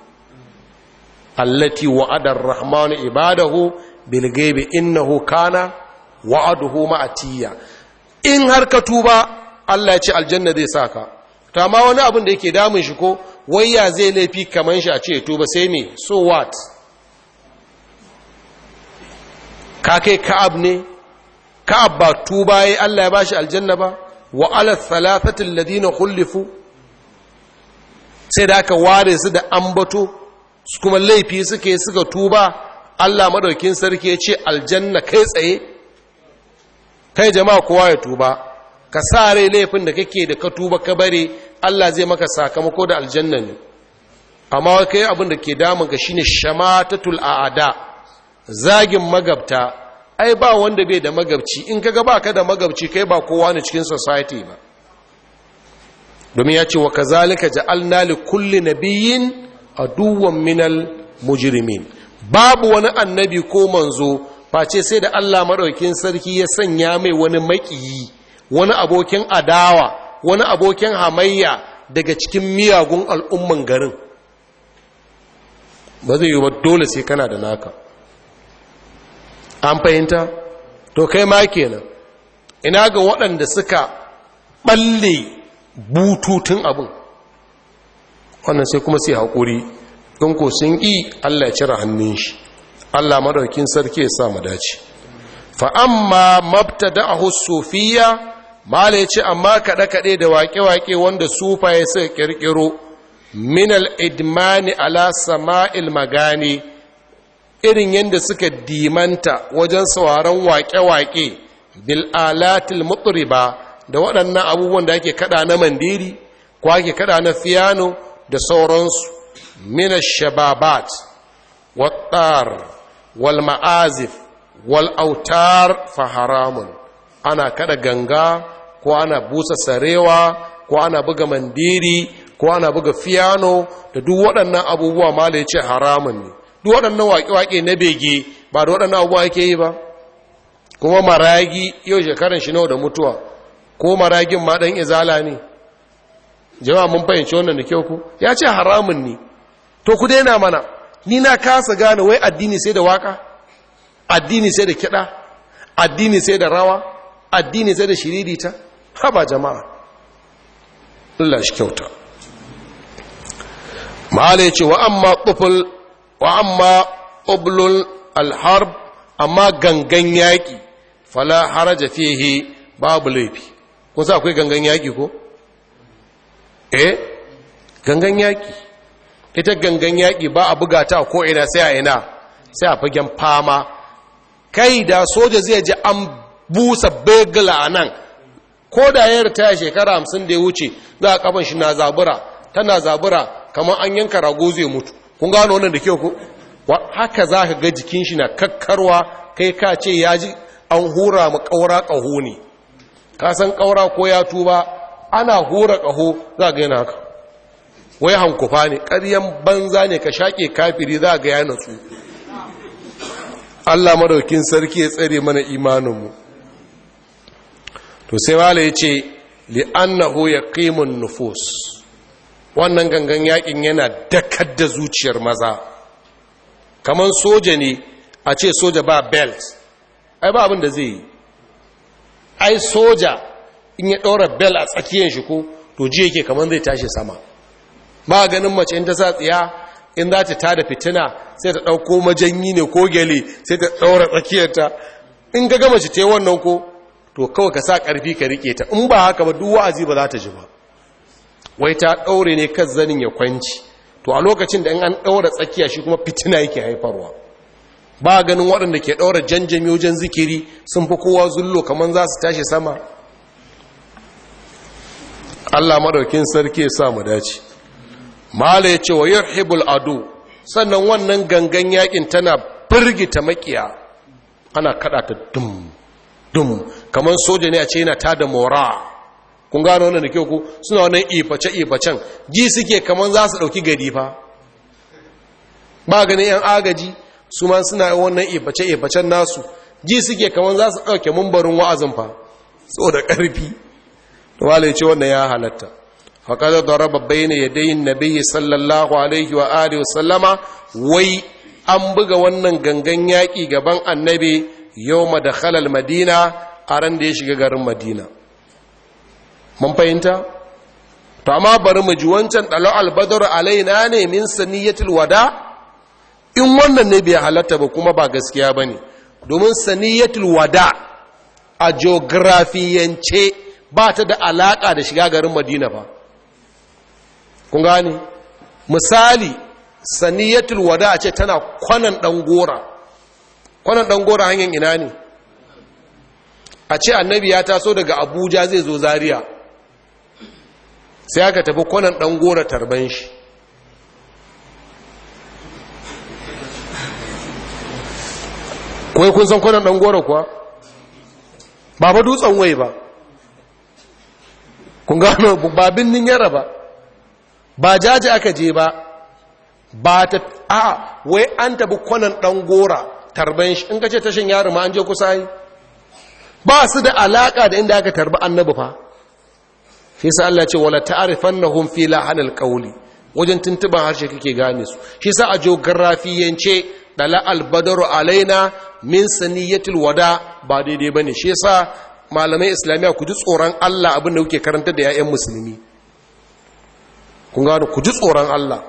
allati wa'ada ar-rahmanu ibadahu bilgebe gaibi innahu kana wa'aduhu ma'atiya in har ka tuba Allah ya ce aljanna zai saka ta ma wani abin da yake damun shi ko wai ya zai laifi kaman shi a ce tuba sai me so what ka kai ka'ab ne ka'ab ba tuba yayi Allah ya bashi aljanna ba wa ala thalathati alladhina khulifu sai da aka ware su da ambato kuma laifi suke suka tuba Allah madaukin sarki ya ce aljanna kai tsaye kai jama'a kowa ya tuba ka sa rai laifin da kake da ka tuba ka bare Allah zai maka sakamako da aljanna ne amma kai abin da ke damun ka shine shamatatul aada zagin magabta ai ba wanda bai da magabci in kaga baka da magabci kai ba kowa ne cikin society ba domin ya ce wa kazalika ja'alna li kulli nabiyyin aduwwan minal mujrimin babu wani annabi ko manzo face sai da Allah maɗaukin sarki ya sanya mai wani makiyi, wani abokin adawa wani abokin hamayya daga cikin miyagun al'umman garin ba zai yi ba dole sai kana da naka an fahimta to kai ma kenan ina ga waɗanda suka ɓalle bututun abin wannan sai kuma sai haƙuri in ko sun yi allah ya cire hannun shi allah madaukin sarki ya sa mu dace fa amma mabtada'ahu sufiya mala ya ce amma kaɗe-kaɗe da waƙe-waƙe wanda sufa ya suka ƙirƙiro minal idmani ala sama'il magani irin yadda suka dimanta wajen sauraron waƙe-waƙe bil alatil mutriba da waɗannan abubuwan da ake kaɗa na mandiri ko ake kaɗa na fiyano da sauransu من الشبابات والطار والمعازف والأوتار فحرام أنا كده جنجا ko ana busa sarewa ko ana buga mandiri ko ana buga fiyano da duk waɗannan abubuwa ma ya ce haramun ne duk waɗannan waƙe-waƙe na bege ba da waɗannan abubuwa yake yi ba kuma maragi yau shekaran shi nawa da mutuwa ko maragin ma ɗan izala ne jama'a mun fahimci wannan da kyau ku ya ce haramun ne to ku daina mana ni na kasa gane wai addini sai da waka addini sai da kiɗa addini sai da rawa addini sai da shiririta haba jama'a Allah shi kyauta ma'ala ya ce wa amma ƙuful wa amma ƙublul alharb amma gangan yaƙi fala haraja fihi babu laifi kun sa akwai gangan yaƙi ko eh gangan yaƙi ita gangan yaƙi ba a buga ta ko ina sai a ina sai a fagen fama kai da soja zai ji an busa begla a nan ko da ya ritaya shekara hamsin da ya wuce za a kafin shi na zabura tana zabura kamar an yanka rago zai mutu kun gano wannan da ke ku haka za ka ga jikin shi na kakkarwa kai ka ce ya ji an hura mu ƙaura ƙaho ne ka san ƙaura ko ya tuba ana hura ƙaho za ga yana haka wai hankufa ne ƙaryan banza ne ka shaƙe kafiri za a ga ya natsu Allah maraukin sarki ya tsare mana imaninmu to sai wala ya ce li'annahu yaqimun nufus wannan gangan yakin yana dakar da zuciyar maza kamar soja ne a ce soja ba belt ai ba abin zai yi ai soja in ya ɗaura belt a tsakiyar shi ko to ji yake kamar zai tashi sama ba ganin mace in ta sa tsiya in za ta tada fitina sai ta ɗauko majanyi ne ko gyale sai ta ɗaura tsakiyarta in ga gama ta wannan ko to kawai ka sa ƙarfi ka riƙe ta in ba haka ba duk wa'azi ba za ta ji ba wai ta ɗaure ne kan zanin ya kwanci to a lokacin da in an ɗaura tsakiya shi kuma fitina yake haifarwa ba ganin waɗanda ke ɗaura wajen zikiri sun fi kowa zullo kamar za su tashi sama Allah madaukin sarki ya sa mu dace mala ya ce wa yarhibul adu sannan wannan gangan yakin tana birgita makiya ana kada ta dum dum kamar soja ne a ce yana tada mora kun gano wannan da kyau ku suna wannan iface ifacen ji suke kamar za su dauki gari fa ba ganin yan agaji su ma suna wannan iface ifacen nasu ji suke kamar za su dauke mumbarin wa'azin fa so da karfi to ya ce wannan ya halatta فقد ضرب بين يدي النبي sallallahu alaihi عليه واله وسلم wai an buga wannan gangan yaƙi gaban annabi yau da halal madina a da ya shiga garin madina mun fahimta to amma bari mu ji wancan al albadar alaina ne min saniyatul wada in wannan ne bai halatta ba kuma ba gaskiya ba ne domin saniyatul wada a geografiyance ba ta da alaƙa da shiga garin madina ba kun gane misali saniyatul wada ce tana kwanan dan gora kwanan dan gora hanyar ina ne a ce annabi ya taso daga abuja zai zo zaria sai aka tafi kwanan dan gora tarban shi kwai kun san kwanan dan gora kuwa ba ba dutsen wai ba kun gano babin nin yara ba ba jaji aka je ba ba ta a wai an tabi kwanan ɗan gora tarban shi in ka ce tashin yaro ma an je kusa yi ba su da alaƙa da inda aka tarbi annabi fa fi sa Allah ce wala ta'rifannahum fi lahanil qawli wajen tuntuban harshe kake gane su shi sa a geografiyance dala albadaru alaina min saniyatil wada ba daidai ne. shi sa malamai islamiyya ku ji tsoron Allah abin da kuke karanta da 'ya'yan musulmi kun gano ku ji tsoron Allah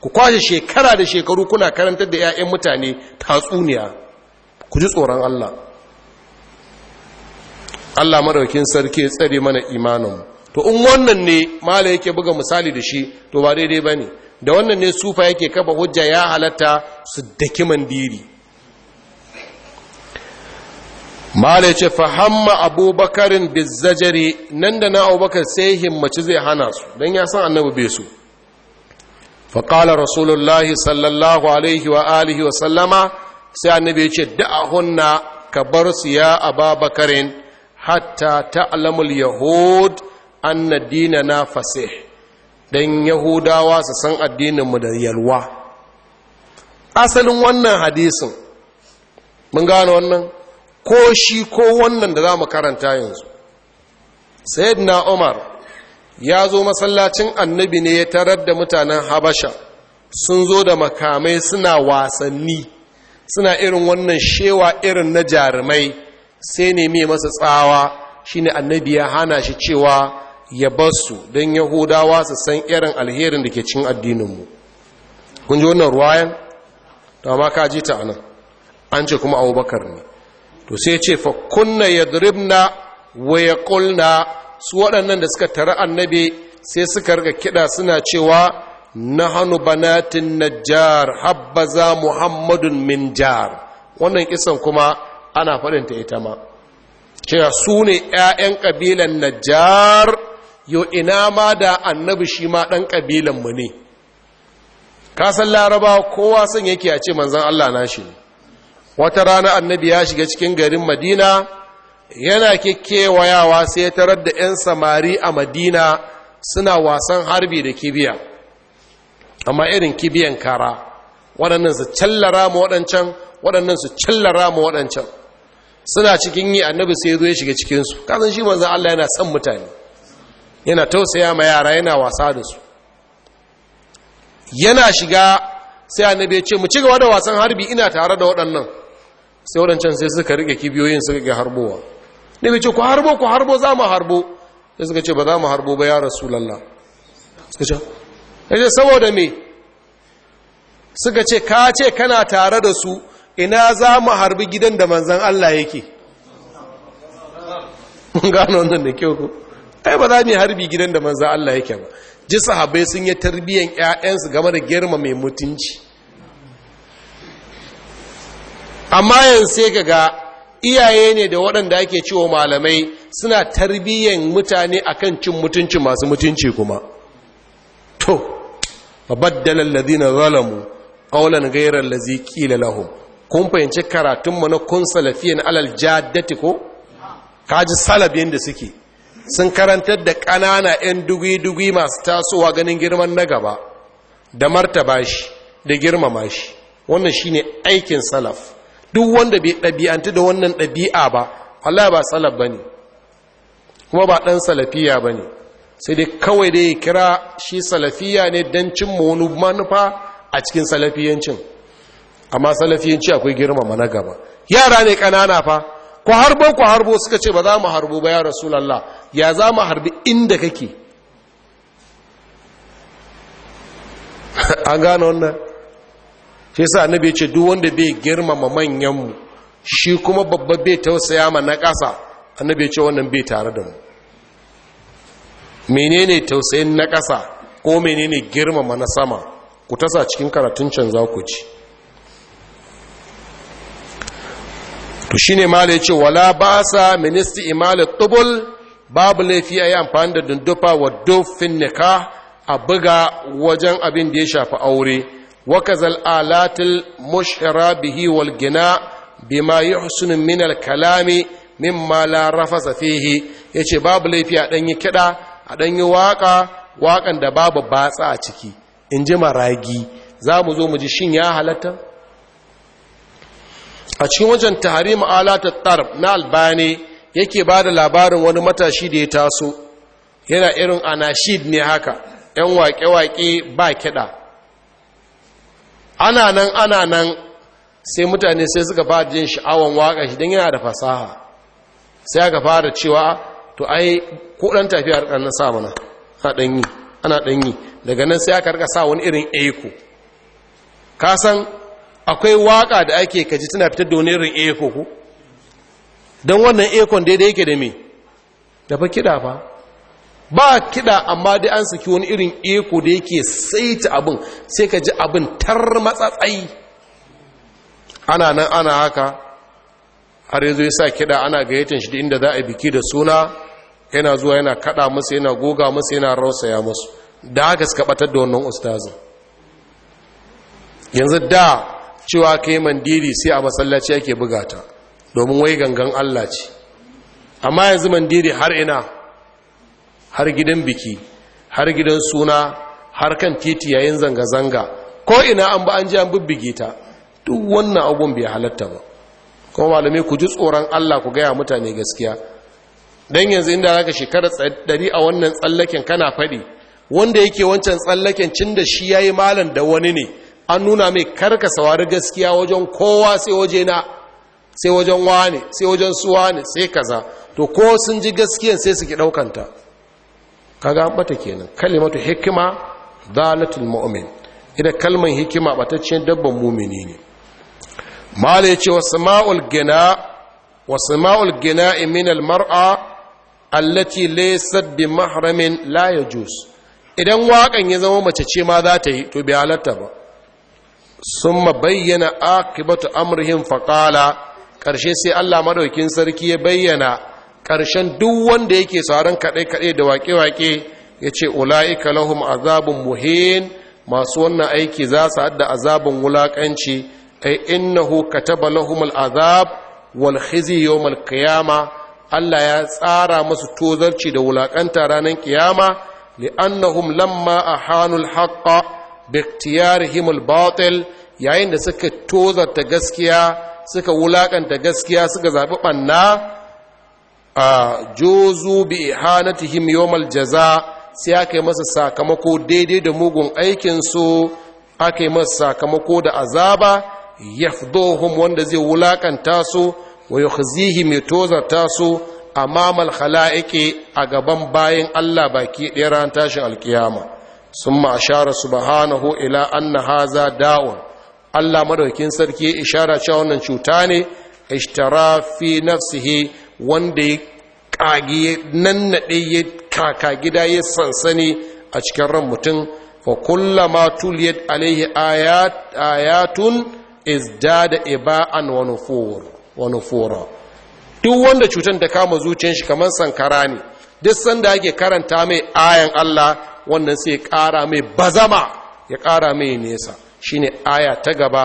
ku kwashe shekara da shekaru kuna karantar da 'ya'yan mutane tatsuniya ku ji tsoron Allah Allah madaukin sarki ya tsare mana imanin to in wannan ne mala yake buga misali da shi to ba daidai bane da wannan ne sufa yake kafa hujja ya halatta su daki mandiri mala ce fahamma abubakarin bizzajari nan da na abubakar sai himmaci zai hana su don ya san annabi bai su faƙala rasulullahi sallallahu alaihi wa alihi wa sallama sai annabi ya ce da'ahunna ka bar su ya ababakarin hatta ta ta'lamul yahud dina na fasih don yahudawa su san addininmu da yalwa asalin wannan hadisin mun gane wannan ko shi ko wannan da za mu karanta yanzu sayyidina umar ya zo masallacin annabi ne ya tarar da mutanen habasha sun zo da makamai suna wasanni suna irin wannan shewa irin na jarumai sai ne mai masa tsawa shine annabi ya hana shi cewa ya basu don yahudawa su san irin alherin da ke cin addininmu kun ji wannan ruwayan ta ma ka ji ta anan an ce kuma abubakar ne to sai ce fa kunna yadribna wa yaqulna su waɗannan da suka tara annabi sai suka riga kiɗa suna cewa nahanu banatin najjar habbaza muhammadun min jar wannan kisan kuma ana faɗinta ita ma cewa su ne 'ya'yan ƙabilan najjar yau ina ma da annabi shi ma ɗan mu ne kasan larabawa kowa san yake a ce manzan allah na shi ne wata rana annabi ya shiga cikin garin madina yana kekewayawa sai ya tarar da 'yan samari a madina suna wasan harbi da kibiya amma irin kibiyan kara waɗannan su callara ma waɗancan waɗannan su callara ma waɗancan suna cikin yi annabi sai zo ya shiga cikinsu kasan shi manzan Allah yana son mutane yana tausaya ma yara yana wasa da su yana shiga sai annabi ya ce mu ci gaba da wasan harbi ina tare da waɗannan sai waɗancan sai suka rike kibiyoyin suka ga harbowa ne bai ce ku harbo ku harbo za mu harbo sai suka ce ba za mu harbo ba ya rasulallah suka ce ya saboda me suka ce ka ce kana tare da su ina za mu harbi gidan da manzan Allah yake mun gano wannan da kyau ku ai ba za mu harbi gidan da manzan Allah yake ba ji sahabbai sun yi tarbiyyan ƴaƴansu game da girma mai mutunci amma yanzu sai ka ga iyaye ne da waɗanda ake ciwo malamai suna tarbiyyar mutane akan cin mutunci masu mutunci kuma to baddala alladhina zalamu qawlan ghayra allazi qila lahum kun fahimci karatun mu na kun salafiyan alal jaddati ko kaji salabin da suke sun karantar da ƙanana 'yan dugui-dugui masu tasowa ganin girman na gaba da martaba shi da girmama shi wannan shine aikin salaf duk wanda bai ɗabi'antu da wannan ɗabi'a ba Allah ba salaf ba ne kuma ba ɗan salafiya ba ne sai dai kawai da ya kira shi salafiya ne don cimma wani manufa a cikin salafiyancin amma salafiyanci akwai girmama na gaba yara ne ƙanana fa ku harbo ku harbo suka ce ba za mu harbo ba ya rasulallah ya za mu harbi inda kake an gane wannan shi sa annabi ya ce duk wanda bai girmama manyanmu shi kuma babba bai tausaya ma na ƙasa annabi bai ce wannan bai tare da mu menene tausayin na ƙasa ko menene girmama na sama ku tasa cikin karatun can za ku ci to shine mala ya ce wala ba sa ministi imala tubul babu laifi a yi amfani da dundufa wa dofin nika a buga wajen abin da ya shafi aure وكذا الآلات المشعرة به والغناء بما يحسن من الكلام مما لا رفس فيه yace babu laifi a ɗanyi kiɗa a ɗanyi waƙa waƙan da babu batsa a ciki in ji maragi za mu zo mu ji shin ya halatta a cikin wajen tahari ma'alatar tarb na albani yake ba da labarin wani matashi da ya taso yana irin anashid ne haka 'yan waƙe-waƙe ba kiɗa ana nan ana nan sai mutane sai suka fara jin sha'awan waka shi don yana da fasaha sai aka fara cewa to ai ko tafiya rika na sa mana ana dan ana dan daga nan sai aka rika sa wani irin eko ka san akwai waka da ake kaji tana fitar da wani irin eko ku don wannan ekon daidai yake da me da fa kiɗa fa. ba kiɗa amma dai an saki wani irin eko da yake saita abin sai ka ji abin tar matsatsai ana nan ana haka har yanzu ya sa kiɗa ana gayyatar shi inda za a biki da suna yana zuwa yana kaɗa musu, yana goga musu, yana rausaya masu da haka suka batar da wannan ustazin yanzu da cewa ka yi mandiri sai a masallaci ake buga ta domin wai gangan allah ce amma yanzu mandiri har ina har gidan biki har gidan suna har kan titi yayin zanga-zanga ko ina an ba an ji an bibbige ta duk wannan abun bai halatta ba kuma malamai ku ji tsoron Allah ku gaya mutane gaskiya dan yanzu inda zaka shekara 100 a wannan tsallaken kana faɗi, wanda yake wancan tsallaken cin da shi yayi malam da wani ne an nuna mai karka sawari gaskiya wajen kowa sai waje na sai wajen wani sai wajen suwa ne sai kaza to ko sun ji gaskiyan sai su ki daukanta kaga an bata kenan kalimatu hikima dalatul mu'min ida kalman hikima bataccen dabban mumini ne mala yace wasma'ul gina wasma'ul gina min mar'a allati laysat bi mahramin la yajuz idan waƙan ya zama mace ce ma za ta yi to bi halatta ba summa bayyana akibatu amrihim faqala karshe sai Allah madaukin sarki ya bayyana ƙarshen duk wanda yake tsaron kaɗe-kaɗe da waƙe-waƙe ya ce ula'ika lahum azabun muhin masu wannan aiki za su hada azabun wulaƙanci ai innahu kataba lahum azab wal khizi yawmal qiyama Allah ya tsara musu tozarci da wulaƙanta ranar kiyama li'annahum lamma ahanul haqqa bi ikhtiyarihim al-batil yayin da suka tozarta gaskiya suka wulaƙanta gaskiya suka zaɓi ɓanna a jozu bi ihanatihim yawmal jaza sai aka yi masa sakamako daidai da mugun aikin su aka yi masa sakamako da azaba yafdohum wanda zai wulakanta su wa mai ya ta su amamal khala'iqi a gaban bayan Allah baki ɗaya ran tashin alkiyama summa ashara subhanahu ila anna haza da'un Allah madaukin sarki ishara cewa wannan cuta ne ishtara fi nafsihi wanda ya kage nan nannaɗe ya kaka gida ya sansani a cikin ran mutum fa ma tuliyat alaihi ayatun izdada iba'an wa nufur wa nufura duk wanda cutar da kama zuciyar shi kamar sankara ne duk sanda yake karanta mai ayan Allah wannan sai ya kara mai bazama ya kara mai nesa shine aya ta gaba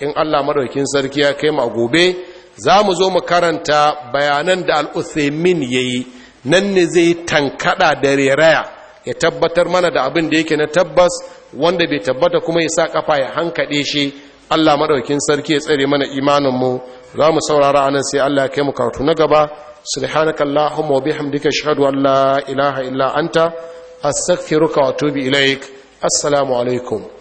in Allah madaukin sarki ya kai ma gobe za mu zo mu karanta bayanan da al'uthaimin ya yi nan ne zai tankada da reraya ya tabbatar mana da abin da yake na tabbas wanda bai tabbata kuma ya sa kafa ya hankaɗe shi allah maɗaukin sarki ya tsare mana imaninmu za mu saurara anan sai allah ya kai mu karatu na gaba سبحانك اللهم وبحمدك اشهد ان لا اله الا انت wa واتوب ilaik. Assalamu alaikum.